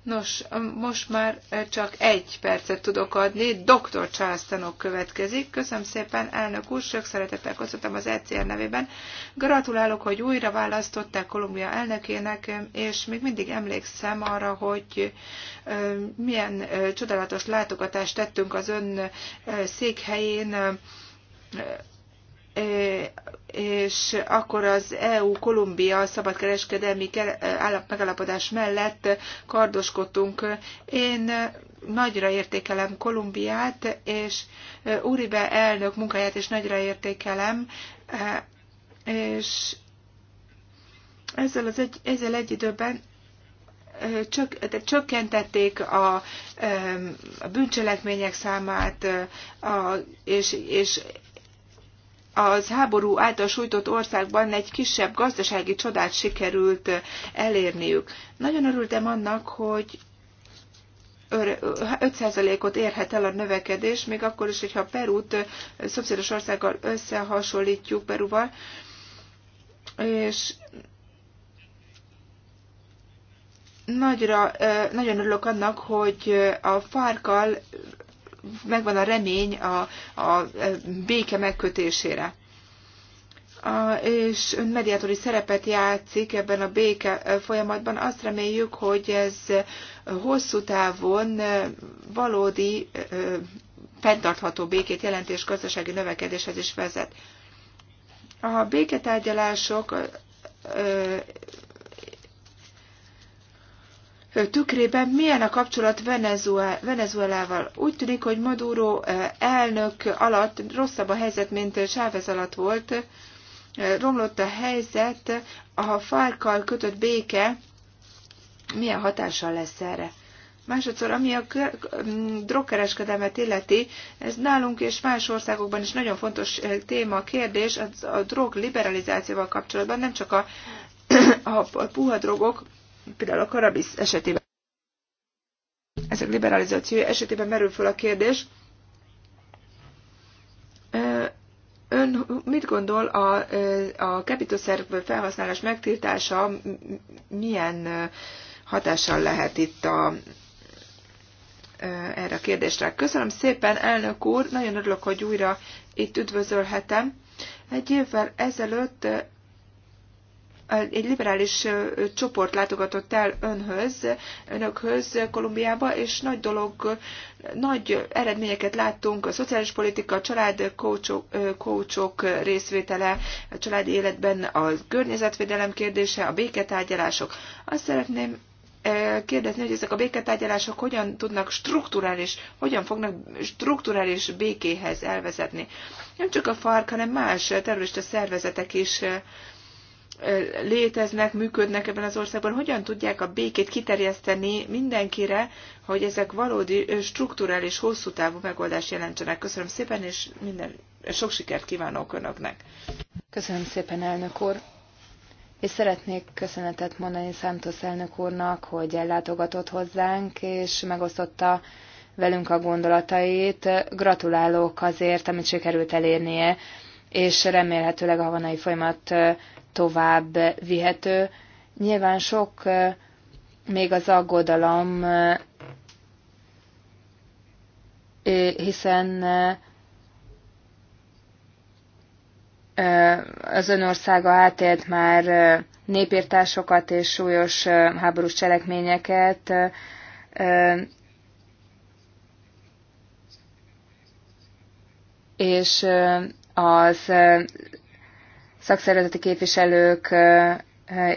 S3: Nos, most már csak egy percet tudok adni. Dr. Charles Tanok következik. Köszönöm szépen, elnök úr, sok szeretettel köszöntöm az ECR nevében. Gratulálok, hogy újra választották Kolumbia elnökének, és még mindig emlékszem arra, hogy milyen csodálatos látogatást tettünk az ön székhelyén és akkor az EU-Kolumbia szabadkereskedelmi megalapodás mellett kardoskodtunk. Én nagyra értékelem Kolumbiát, és Uribe elnök munkáját is nagyra értékelem, és ezzel, az egy, ezzel egy időben csök, csökkentették a, a bűncselekmények számát, a, és, és az háború által sújtott országban egy kisebb gazdasági csodát sikerült elérniük. Nagyon örültem annak, hogy 5%-ot érhet el a növekedés, még akkor is, hogyha Perút szomszédos országgal összehasonlítjuk Perúval, és nagyra, nagyon örülök annak, hogy a fárkal megvan a remény a, a béke megkötésére. A, és ön mediátori szerepet játszik ebben a béke folyamatban. Azt reméljük, hogy ez hosszú távon valódi fenntartható békét jelent és gazdasági növekedéshez is vezet. A béketárgyalások tükrében milyen a kapcsolat Venezuelával. Úgy tűnik, hogy Maduro eh, elnök alatt rosszabb a helyzet, mint Chávez alatt volt. Eh, romlott a helyzet, a farkkal kötött béke milyen hatással lesz erre? Másodszor, ami a mm, drogkereskedelmet illeti, ez nálunk és más országokban is nagyon fontos eh, téma, kérdés, a drog liberalizációval kapcsolatban nem csak a, *clears throat* a puha drogok, például a karabisz esetében, ezek liberalizáció esetében merül fel a kérdés, Ön mit gondol a, a kapitószerv felhasználás megtiltása milyen hatással lehet itt a, erre a kérdésre? Köszönöm szépen, elnök úr, nagyon örülök, hogy újra itt üdvözölhetem. Egy évvel ezelőtt egy liberális csoport látogatott el önhöz, önökhöz Kolumbiába, és nagy dolog, nagy eredményeket láttunk, a szociális politika, a család kócsok, részvétele, a családi életben a környezetvédelem kérdése, a béketárgyalások. Azt szeretném kérdezni, hogy ezek a béketárgyalások hogyan tudnak strukturális, hogyan fognak strukturális békéhez elvezetni. Nem csak a FARC, hanem más terrorista szervezetek is léteznek, működnek ebben az országban, hogyan tudják a békét kiterjeszteni mindenkire, hogy ezek valódi strukturális, hosszú távú megoldást jelentsenek. Köszönöm szépen, és minden, sok sikert kívánok Önöknek. Köszönöm szépen,
S1: elnök úr. És szeretnék köszönetet mondani Szántos elnök úrnak, hogy ellátogatott hozzánk, és megosztotta velünk a gondolatait. Gratulálok azért, amit sikerült elérnie, és remélhetőleg a havanai folyamat tovább vihető. Nyilván sok még az aggodalom, hiszen az önországa átélt már népírtásokat és súlyos háborús cselekményeket, és az szakszervezeti képviselők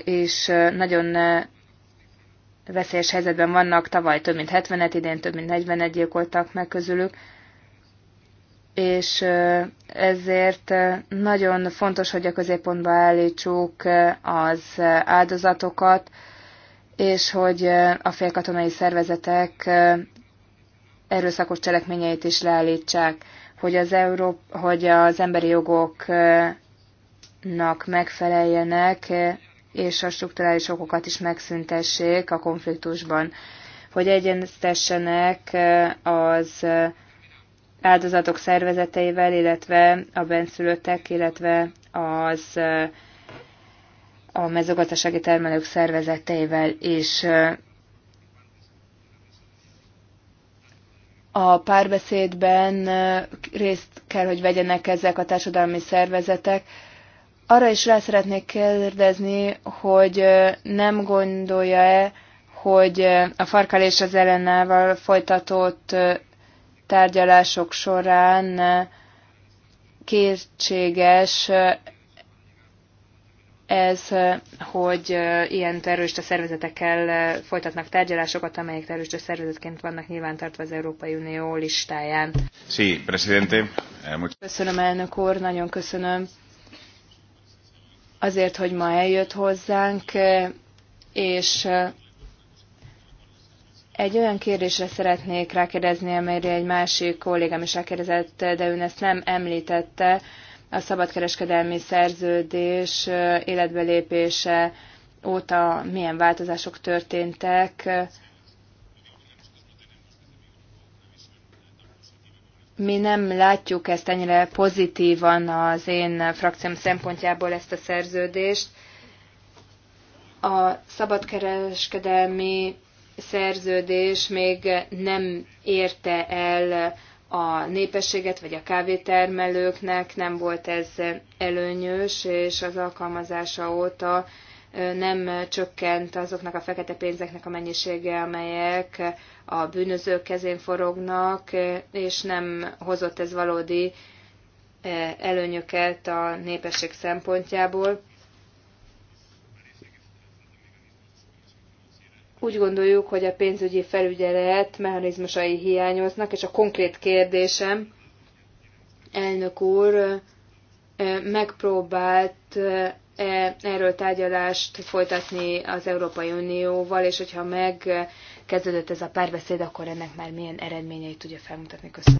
S1: is nagyon veszélyes helyzetben vannak, tavaly több mint 70-et, idén több mint 41 gyilkoltak meg közülük, és ezért nagyon fontos, hogy a középpontba állítsuk az áldozatokat, és hogy a félkatonai szervezetek erőszakos cselekményeit is leállítsák, hogy az, Európa, hogy az emberi jogok nak megfeleljenek, és a strukturális okokat is megszüntessék a konfliktusban, hogy egyeztessenek eh, az eh, áldozatok szervezeteivel, illetve a benszülöttek, illetve az eh, a mezőgazdasági termelők szervezeteivel is. A párbeszédben részt kell, hogy vegyenek ezek a társadalmi szervezetek, arra is rá szeretnék kérdezni, hogy nem gondolja-e, hogy a farkal és az Elenával folytatott tárgyalások során kétséges ez, hogy ilyen terrorista szervezetekkel folytatnak tárgyalásokat, amelyek terrorista szervezetként vannak nyilvántartva az Európai Unió listáján.
S2: Sí, presidente. Eh,
S1: köszönöm, elnök úr, nagyon köszönöm azért, hogy ma eljött hozzánk, és egy olyan kérdésre szeretnék rákérdezni, amelyre egy másik kollégám is rákérdezett, de ön ezt nem említette, a szabadkereskedelmi szerződés életbelépése óta milyen változások történtek, mi nem látjuk ezt ennyire pozitívan az én frakcióm szempontjából ezt a szerződést. A szabadkereskedelmi szerződés még nem érte el a népességet, vagy a kávétermelőknek nem volt ez előnyös, és az alkalmazása óta nem csökkent azoknak a fekete pénzeknek a mennyisége, amelyek a bűnözők kezén forognak, és nem hozott ez valódi előnyöket a népesség szempontjából. Úgy gondoljuk, hogy a pénzügyi felügyelet mechanizmusai hiányoznak, és a konkrét kérdésem, elnök úr, megpróbált E, erről tárgyalást folytatni az Európai Unióval, és hogyha megkezdődött ez a párbeszéd, akkor ennek már milyen eredményeit tudja felmutatni. Köszönöm.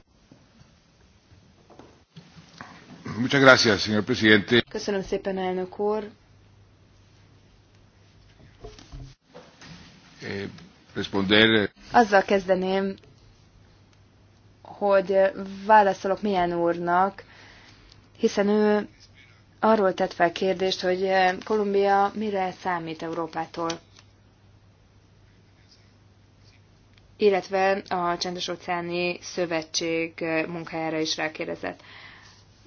S2: Muchas gracias, señor presidente.
S1: Köszönöm szépen, elnök úr.
S2: Eh, responder.
S1: Azzal kezdeném, hogy válaszolok milyen úrnak, hiszen ő arról tett fel kérdést, hogy eh, Kolumbia mire számít Európától, illetve a Csendes-óceáni Szövetség eh, munkájára is rákérdezett.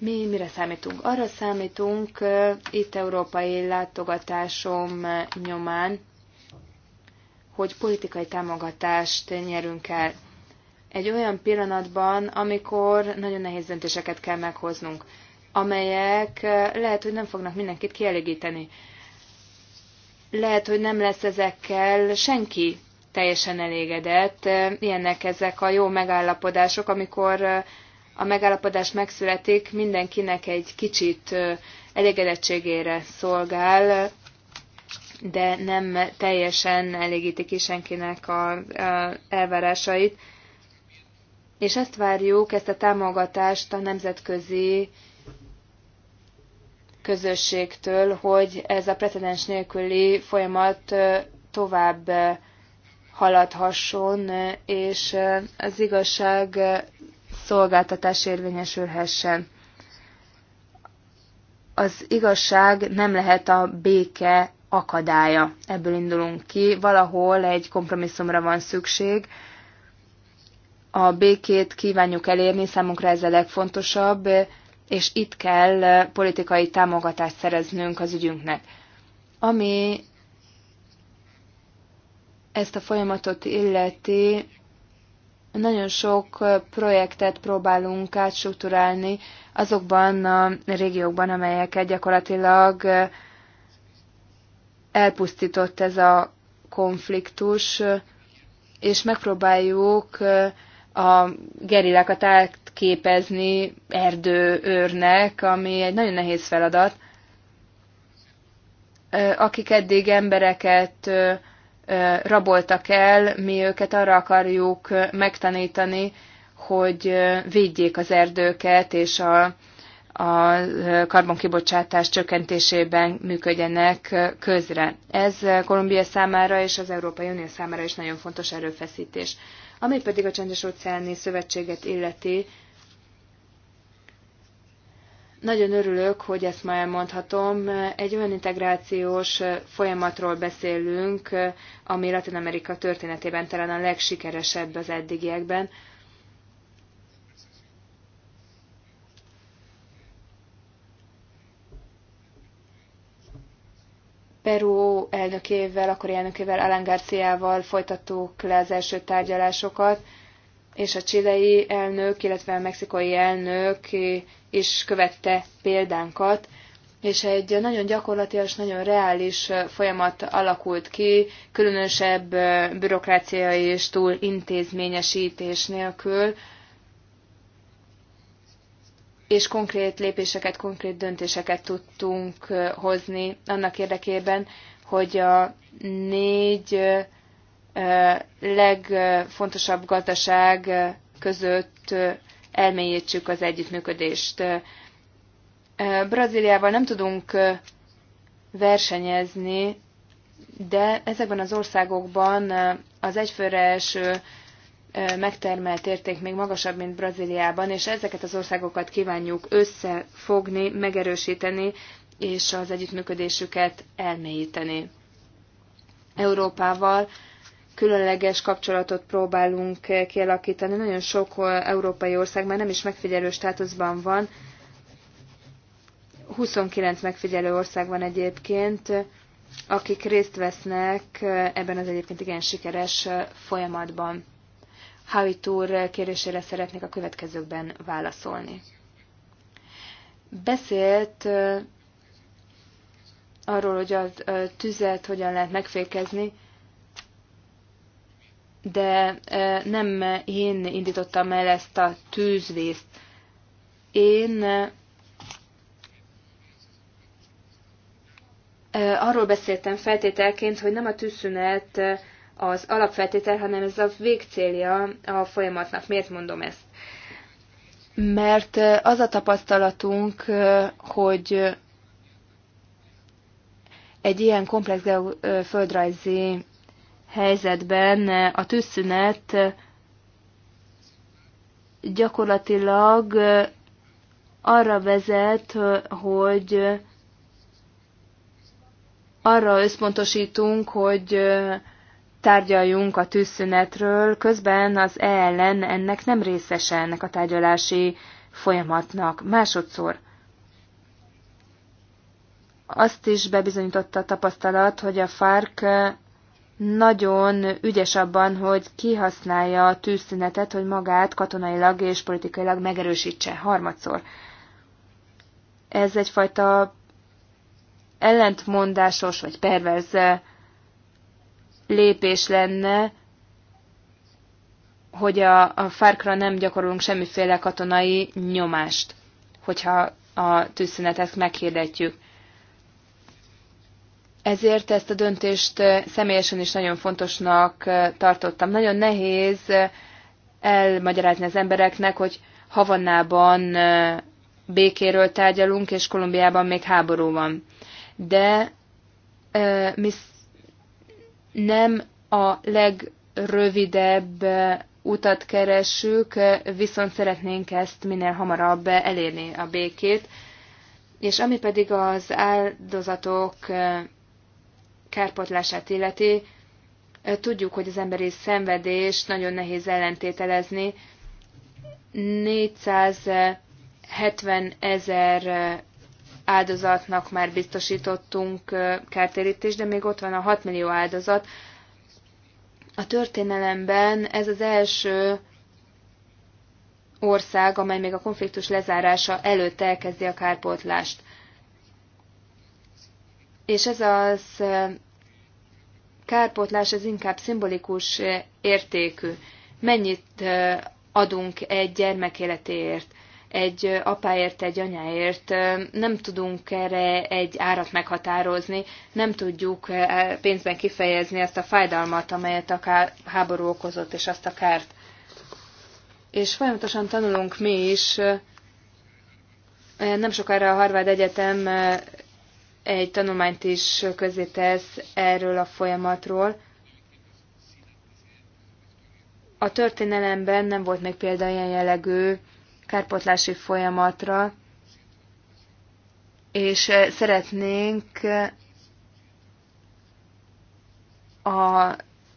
S1: Mi mire számítunk? Arra számítunk eh, itt európai látogatásom nyomán, hogy politikai támogatást nyerünk el. Egy olyan pillanatban, amikor nagyon nehéz döntéseket kell meghoznunk amelyek lehet, hogy nem fognak mindenkit kielégíteni. Lehet, hogy nem lesz ezekkel senki teljesen elégedett. Ilyenek ezek a jó megállapodások, amikor a megállapodás megszületik, mindenkinek egy kicsit elégedettségére szolgál, de nem teljesen elégíti ki senkinek az elvárásait. És ezt várjuk, ezt a támogatást a nemzetközi közösségtől, hogy ez a precedens nélküli folyamat tovább haladhasson, és az igazság szolgáltatás érvényesülhessen. Az igazság nem lehet a béke akadálya. Ebből indulunk ki. Valahol egy kompromisszumra van szükség. A békét kívánjuk elérni, számunkra ez a legfontosabb, és itt kell politikai támogatást szereznünk az ügyünknek. Ami ezt a folyamatot illeti, nagyon sok projektet próbálunk átstruktúrálni azokban a régiókban, amelyeket gyakorlatilag elpusztított ez a konfliktus, és megpróbáljuk a gerillákat átképezni erdőőrnek, ami egy nagyon nehéz feladat. Akik eddig embereket raboltak el, mi őket arra akarjuk megtanítani, hogy védjék az erdőket, és a, a karbonkibocsátás csökkentésében működjenek közre. Ez Kolumbia számára és az Európai Unió számára is nagyon fontos erőfeszítés. Ami pedig a Csendes Óceáni Szövetséget illeti, nagyon örülök, hogy ezt ma elmondhatom. Egy olyan integrációs folyamatról beszélünk, ami Latin Amerika történetében talán a legsikeresebb az eddigiekben. Peru elnökével, akkori elnökével, Alan Garciával folytattuk le az első tárgyalásokat, és a csilei elnök, illetve a mexikai elnök is követte példánkat, és egy nagyon gyakorlatilag, nagyon reális folyamat alakult ki, különösebb bürokráciai és túl intézményesítés nélkül, és konkrét lépéseket, konkrét döntéseket tudtunk hozni annak érdekében, hogy a négy legfontosabb gazdaság között elmélyítsük az együttműködést. Brazíliával nem tudunk versenyezni, de ezekben az országokban az egyfőre első megtermelt érték még magasabb, mint Brazíliában, és ezeket az országokat kívánjuk összefogni, megerősíteni, és az együttműködésüket elmélyíteni. Európával különleges kapcsolatot próbálunk kialakítani. Nagyon sok európai ország már nem is megfigyelő státuszban van. 29 megfigyelő ország van egyébként, akik részt vesznek ebben az egyébként igen sikeres folyamatban. Howitt úr kérésére szeretnék a következőkben válaszolni. Beszélt arról, hogy a tüzet hogyan lehet megfékezni, de nem én indítottam el ezt a tűzvészt. Én arról beszéltem feltételként, hogy nem a tűzszünet az alapfeltétel, hanem ez a végcélja a folyamatnak. Miért mondom ezt? Mert az a tapasztalatunk, hogy egy ilyen komplex földrajzi helyzetben a tűzszünet gyakorlatilag arra vezet, hogy arra összpontosítunk, hogy tárgyaljunk a tűzszünetről, közben az e ellen ennek nem részese ennek a tárgyalási folyamatnak. Másodszor azt is bebizonyította a tapasztalat, hogy a FARC nagyon ügyes abban, hogy kihasználja a tűzszünetet, hogy magát katonailag és politikailag megerősítse harmadszor. Ez egyfajta ellentmondásos vagy perverz lépés lenne, hogy a, a fárkra nem gyakorolunk semmiféle katonai nyomást, hogyha a tűzszünetet meghirdetjük. Ezért ezt a döntést személyesen is nagyon fontosnak tartottam. Nagyon nehéz elmagyarázni az embereknek, hogy Havannában békéről tárgyalunk, és Kolumbiában még háború van. De mi nem a legrövidebb utat keresünk, viszont szeretnénk ezt minél hamarabb elérni a békét. És ami pedig az áldozatok kárpotlását illeti, tudjuk, hogy az emberi szenvedés nagyon nehéz ellentételezni. 470 ezer áldozatnak már biztosítottunk kártérítést, de még ott van a 6 millió áldozat. A történelemben ez az első ország, amely még a konfliktus lezárása előtt elkezdi a kárpótlást. És ez az kárpótlás az inkább szimbolikus értékű. Mennyit adunk egy gyermek életéért? egy apáért, egy anyáért. Nem tudunk erre egy árat meghatározni, nem tudjuk pénzben kifejezni azt a fájdalmat, amelyet a háború okozott, és azt a kárt. És folyamatosan tanulunk mi is. Nem sokára a Harvard Egyetem egy tanulmányt is tesz erről a folyamatról. A történelemben nem volt még példa ilyen jellegű kárpotlási folyamatra, és eh, szeretnénk eh, a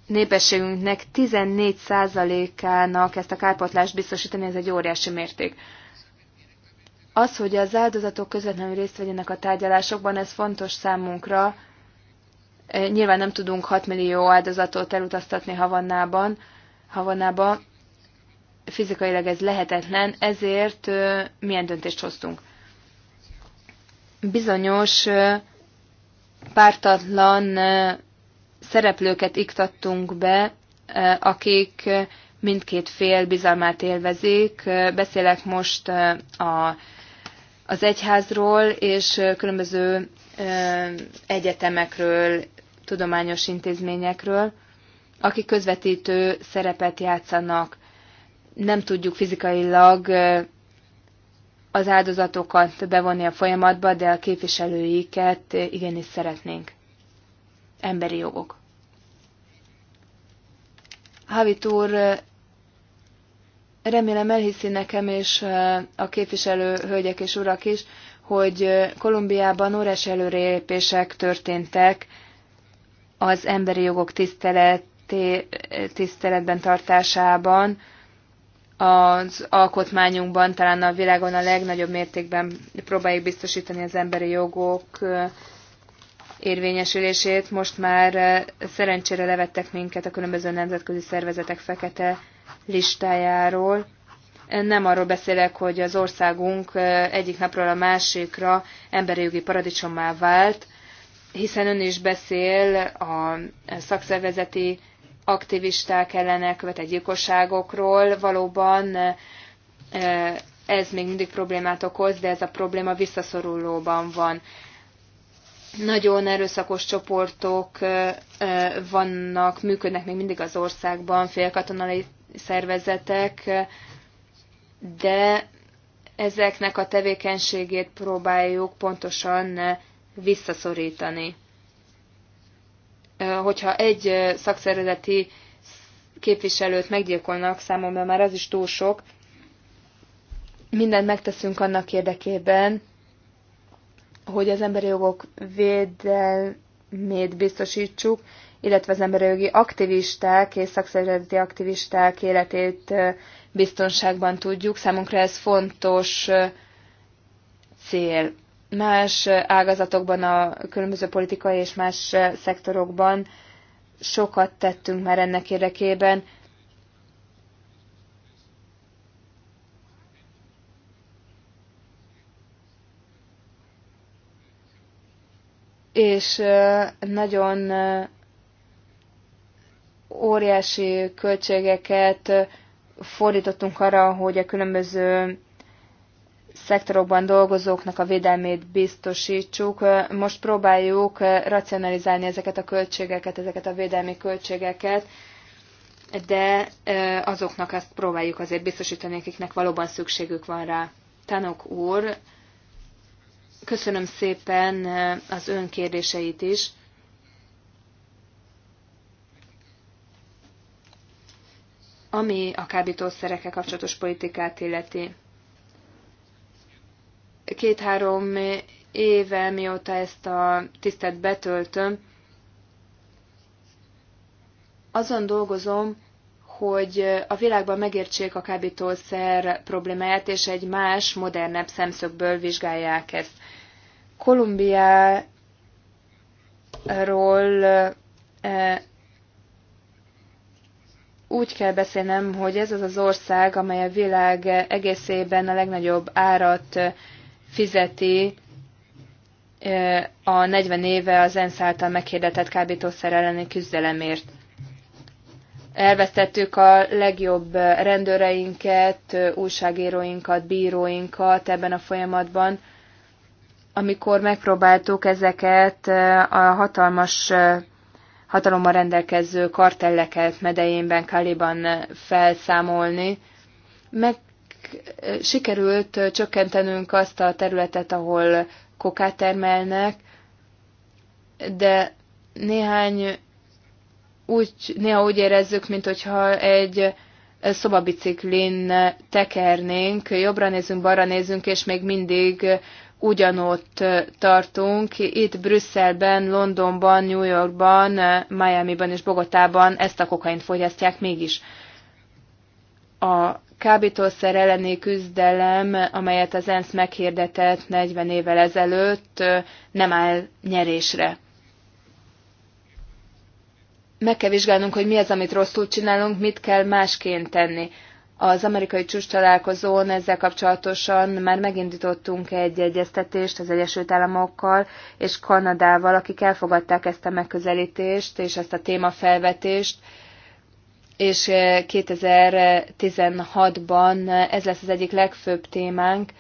S1: népességünknek 14%-ának ezt a kárpotlást biztosítani, ez egy óriási mérték. Az, hogy az áldozatok közvetlenül részt vegyenek a tárgyalásokban, ez fontos számunkra. Eh, nyilván nem tudunk 6 millió áldozatot elutaztatni Havannában, Havanába, fizikailag ez lehetetlen, ezért milyen döntést hoztunk? Bizonyos pártatlan szereplőket iktattunk be, akik mindkét fél bizalmát élvezik. Beszélek most a, az egyházról és különböző egyetemekről, tudományos intézményekről, akik közvetítő szerepet játszanak nem tudjuk fizikailag az áldozatokat bevonni a folyamatba, de a képviselőiket igenis szeretnénk. Emberi jogok. Havit úr, remélem elhiszi nekem és a képviselő hölgyek és urak is, hogy Kolumbiában órás előrépések történtek az emberi jogok tiszteleti tiszteletben tartásában, az alkotmányunkban talán a világon a legnagyobb mértékben próbáljuk biztosítani az emberi jogok érvényesülését. Most már szerencsére levettek minket a különböző nemzetközi szervezetek fekete listájáról. Nem arról beszélek, hogy az országunk egyik napról a másikra emberi jogi paradicsommá vált, hiszen ön is beszél a szakszervezeti aktivisták ellen elkövetett gyilkosságokról. Valóban ez még mindig problémát okoz, de ez a probléma visszaszorulóban van. Nagyon erőszakos csoportok vannak, működnek még mindig az országban, félkatonai szervezetek, de ezeknek a tevékenységét próbáljuk pontosan visszaszorítani hogyha egy szakszervezeti képviselőt meggyilkolnak, számomra már az is túl sok. Mindent megteszünk annak érdekében, hogy az emberi jogok védelmét biztosítsuk, illetve az emberi jogi aktivisták és szakszervezeti aktivisták életét biztonságban tudjuk. Számunkra ez fontos cél más ágazatokban, a különböző politikai és más szektorokban sokat tettünk már ennek érdekében. És nagyon óriási költségeket fordítottunk arra, hogy a különböző szektorokban dolgozóknak a védelmét biztosítsuk. Most próbáljuk eh, racionalizálni ezeket a költségeket, ezeket a védelmi költségeket, de eh, azoknak azt próbáljuk azért biztosítani, akiknek valóban szükségük van rá. Tanok úr, köszönöm szépen eh, az ön kérdéseit is. Ami a kábítószerekkel kapcsolatos politikát illeti két-három éve, mióta ezt a tisztet betöltöm, azon dolgozom, hogy a világban megértsék a kábítószer problémáját, és egy más, modernebb szemszögből vizsgálják ezt. Kolumbiáról eh, úgy kell beszélnem, hogy ez az az ország, amely a világ egészében a legnagyobb árat fizeti a 40 éve az ENSZ által meghirdetett kábítószer elleni küzdelemért. Elvesztettük a legjobb rendőreinket, újságíróinkat, bíróinkat ebben a folyamatban, amikor megpróbáltuk ezeket a hatalmas hatalommal rendelkező kartelleket Medejénben, Kaliban felszámolni, meg sikerült csökkentenünk azt a területet, ahol kokát termelnek, de néhány úgy, néha úgy érezzük, mint hogyha egy szobabiciklin tekernénk, jobbra nézünk, balra nézünk, és még mindig ugyanott tartunk. Itt Brüsszelben, Londonban, New Yorkban, Miami-ban és Bogotában ezt a kokaint fogyasztják mégis a kábítószer elleni küzdelem, amelyet az ENSZ meghirdetett 40 évvel ezelőtt, nem áll nyerésre. Meg kell vizsgálnunk, hogy mi az, amit rosszul csinálunk, mit kell másként tenni. Az amerikai csúcs találkozón ezzel kapcsolatosan már megindítottunk egy egyeztetést az Egyesült Államokkal és Kanadával, akik elfogadták ezt a megközelítést és ezt a témafelvetést, és 2016-ban eh, eh, ez lesz az egyik legfőbb témánk,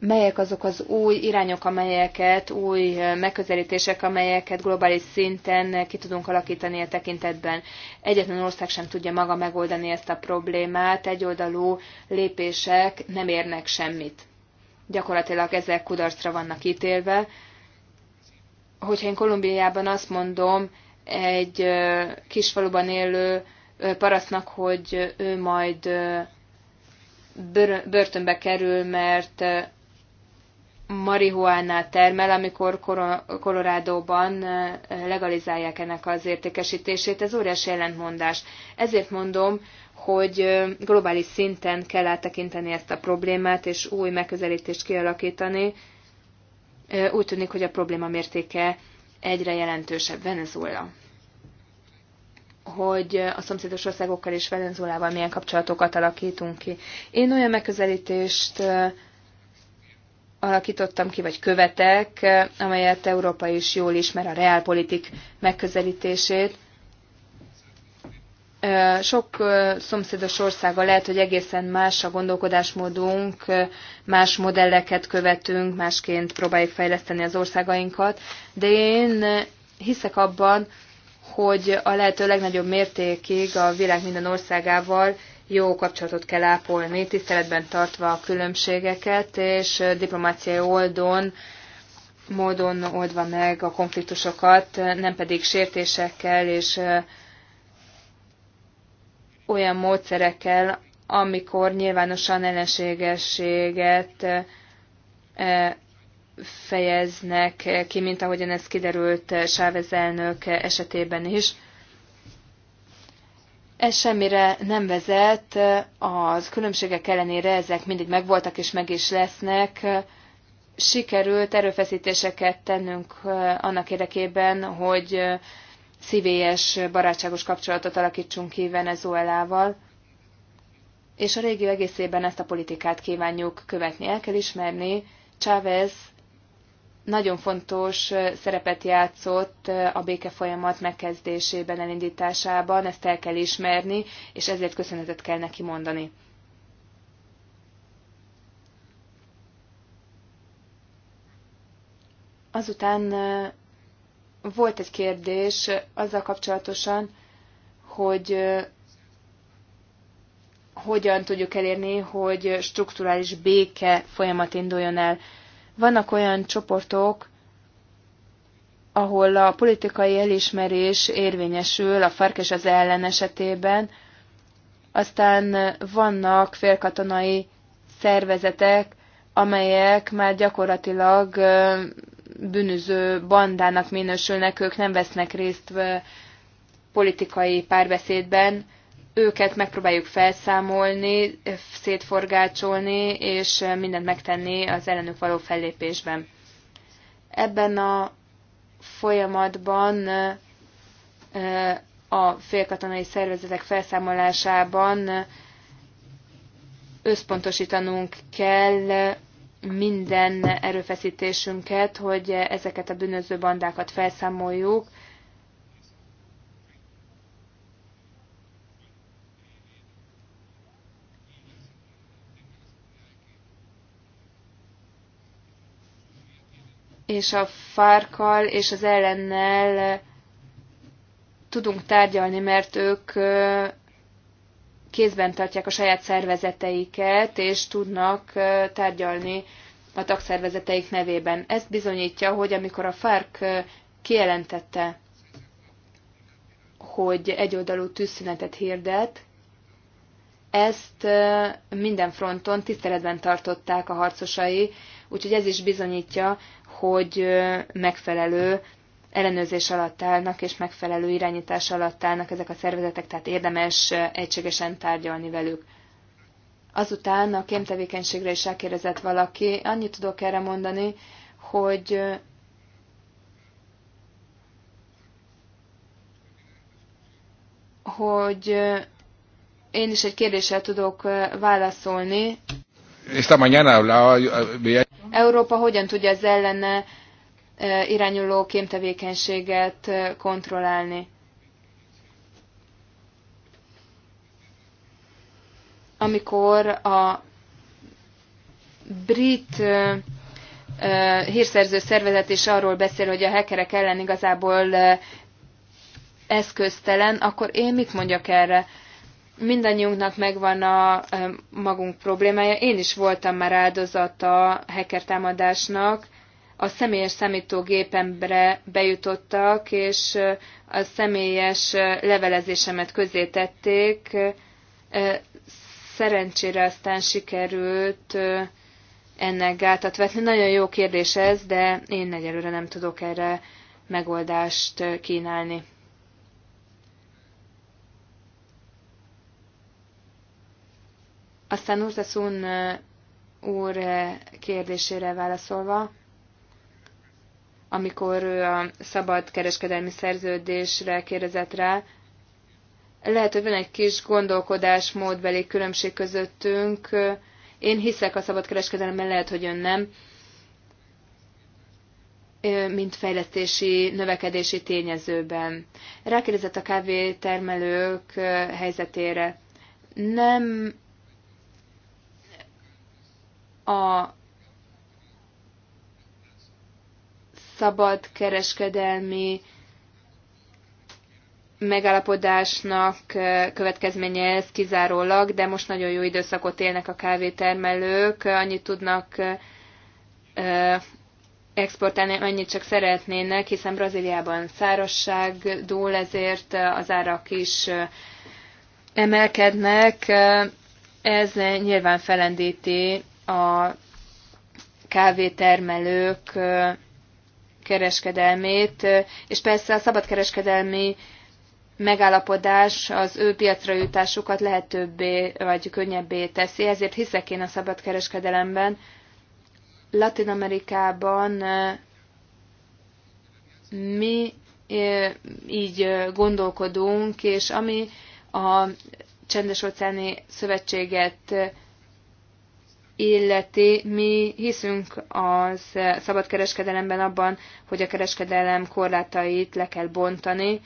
S1: melyek azok az új irányok, amelyeket, új eh, megközelítések, amelyeket globális szinten ki tudunk alakítani a tekintetben. Egyetlen ország sem tudja maga megoldani ezt a problémát, egyoldalú lépések nem érnek semmit. Gyakorlatilag ezek kudarcra vannak ítélve. Hogyha én Kolumbiában azt mondom, egy kisfaluban élő parasztnak, hogy ő majd börtönbe kerül, mert marihuánát termel, amikor Kolorádóban legalizálják ennek az értékesítését. Ez óriási ellentmondás. Ezért mondom, hogy globális szinten kell áttekinteni ezt a problémát, és új megközelítést kialakítani. Úgy tűnik, hogy a probléma mértéke egyre jelentősebb Venezuela hogy a szomszédos országokkal és Venezuelával milyen kapcsolatokat alakítunk ki. Én olyan megközelítést alakítottam ki, vagy követek, amelyet Európa is jól ismer, a reálpolitik megközelítését. Sok szomszédos országa lehet, hogy egészen más a gondolkodásmódunk, más modelleket követünk, másként próbáljuk fejleszteni az országainkat, de én hiszek abban, hogy a lehető legnagyobb mértékig a világ minden országával jó kapcsolatot kell ápolni, tiszteletben tartva a különbségeket, és diplomáciai oldon módon oldva meg a konfliktusokat, nem pedig sértésekkel és olyan módszerekkel, amikor nyilvánosan ellenségességet fejeznek ki, mint ahogyan ez kiderült Sávez elnök esetében is. Ez semmire nem vezet, az különbségek ellenére ezek mindig megvoltak és meg is lesznek. Sikerült erőfeszítéseket tennünk eh, annak érdekében, hogy eh, szívélyes, barátságos kapcsolatot alakítsunk ki Venezuelával, és a régi egészében ezt a politikát kívánjuk követni. El kell ismerni, Chávez nagyon fontos szerepet játszott a békefolyamat megkezdésében, elindításában, ezt el kell ismerni, és ezért köszönetet kell neki mondani. Azután volt egy kérdés azzal kapcsolatosan, hogy hogyan tudjuk elérni, hogy strukturális béke folyamat induljon el. Vannak olyan csoportok, ahol a politikai elismerés érvényesül a FARC és az ellen esetében, aztán vannak félkatonai szervezetek, amelyek már gyakorlatilag bűnöző bandának minősülnek, ők nem vesznek részt politikai párbeszédben, őket megpróbáljuk felszámolni, szétforgácsolni, és mindent megtenni az ellenük való fellépésben. Ebben a folyamatban a félkatonai szervezetek felszámolásában összpontosítanunk kell minden erőfeszítésünket, hogy ezeket a bűnöző bandákat felszámoljuk, és a fárkal és az ellennel tudunk tárgyalni, mert ők kézben tartják a saját szervezeteiket, és tudnak tárgyalni a tagszervezeteik nevében. Ez bizonyítja, hogy amikor a FARC kijelentette, hogy egyoldalú tűzszünetet hirdet, ezt minden fronton tiszteletben tartották a harcosai, úgyhogy ez is bizonyítja, hogy megfelelő ellenőrzés alatt állnak, és megfelelő irányítás alatt állnak ezek a szervezetek, tehát érdemes egységesen tárgyalni velük. Azután a kémtevékenységre is elkérdezett valaki. Annyit tudok erre mondani, hogy hogy én is egy kérdéssel tudok válaszolni.
S2: Esta mañana hablaba... Ah,
S1: Európa hogyan tudja az ellene eh, irányuló kémtevékenységet eh, kontrollálni? Amikor a brit eh, hírszerző szervezet is arról beszél, hogy a hekerek ellen igazából eszköztelen, akkor én mit mondjak erre? mindannyiunknak megvan a magunk problémája. Én is voltam már áldozata hacker támadásnak. A személyes számítógépemre bejutottak, és a személyes levelezésemet közé tették. Szerencsére aztán sikerült ennek gátat vetni. Nagyon jó kérdés ez, de én egyelőre nem tudok erre megoldást kínálni. Aztán Urzaszun úr kérdésére válaszolva, amikor ő a szabad kereskedelmi szerződésre kérdezett rá, lehet, hogy van egy kis gondolkodásmódbeli különbség közöttünk. Én hiszek a kereskedelemben, lehet, hogy ön nem, mint fejlesztési, növekedési tényezőben. Rákérdezett a kávétermelők helyzetére. Nem a szabad kereskedelmi megállapodásnak következménye ez kizárólag, de most nagyon jó időszakot élnek a kávétermelők, annyit tudnak exportálni, annyit csak szeretnének, hiszen Brazíliában szárasság dúl, ezért az árak is emelkednek. Ez nyilván felendíti a kávétermelők kereskedelmét, és persze a szabadkereskedelmi megállapodás az ő piacra jutásukat lehetőbbé vagy könnyebbé teszi, ezért hiszek én a szabadkereskedelemben. Latin Amerikában mi így gondolkodunk, és ami a Csendes-óceáni Szövetséget illeti, mi hiszünk az eh, szabad kereskedelemben abban, hogy a kereskedelem korlátait le kell bontani,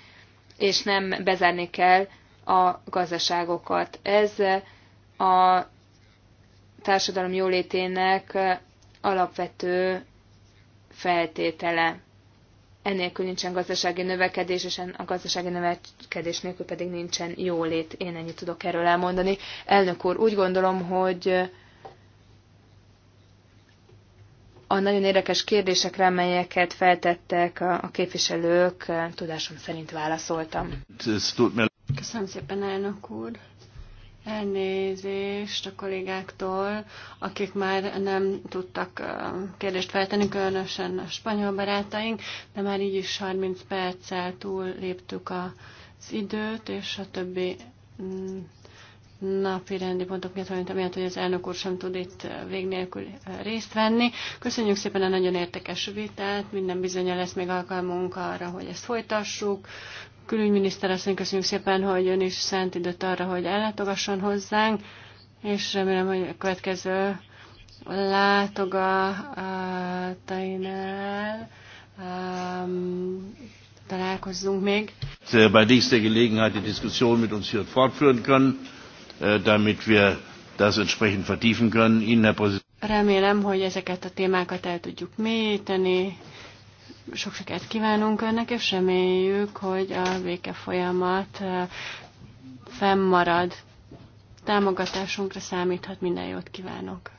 S1: és nem bezárni kell a gazdaságokat. Ez eh, a társadalom jólétének eh, alapvető feltétele. Ennélkül nincsen gazdasági növekedés, és a gazdasági növekedés nélkül pedig nincsen jólét. Én ennyit tudok erről elmondani. Elnök úr, úgy gondolom, hogy a nagyon érdekes kérdésekre, amelyeket feltettek a képviselők, eh, tudásom szerint válaszoltam.
S2: Köszönöm szépen, elnök úr. Elnézést a kollégáktól, akik már nem tudtak eh, kérdést feltenni, különösen a spanyol barátaink, de már így is 30 perccel túl léptük az időt, és a többi mm, napi rendi pontok miatt, valamint amiatt, hogy az elnök úr sem tud itt eh, vég nélkül eh, részt venni. Köszönjük szépen a nagyon értekes vitát, minden bizonyal lesz még alkalmunk arra, hogy ezt folytassuk. Külügyminiszter asszony, köszönjük szépen, hogy ön is szent időt arra, hogy ellátogasson hozzánk, és remélem, hogy a következő látogatainál um, ehm, találkozzunk még. Bei dieser Gelegenheit die Diskussion mit uns hier fortführen können. Äh, damit wir das entsprechend vertiefen können. Ihnen, Herr Präsident. Remélem, hogy ezeket a témákat el tudjuk mélyíteni. Sok sikert kívánunk önnek, és reméljük, hogy a béke folyamat fennmarad. Támogatásunkra számíthat, minden jót kívánok!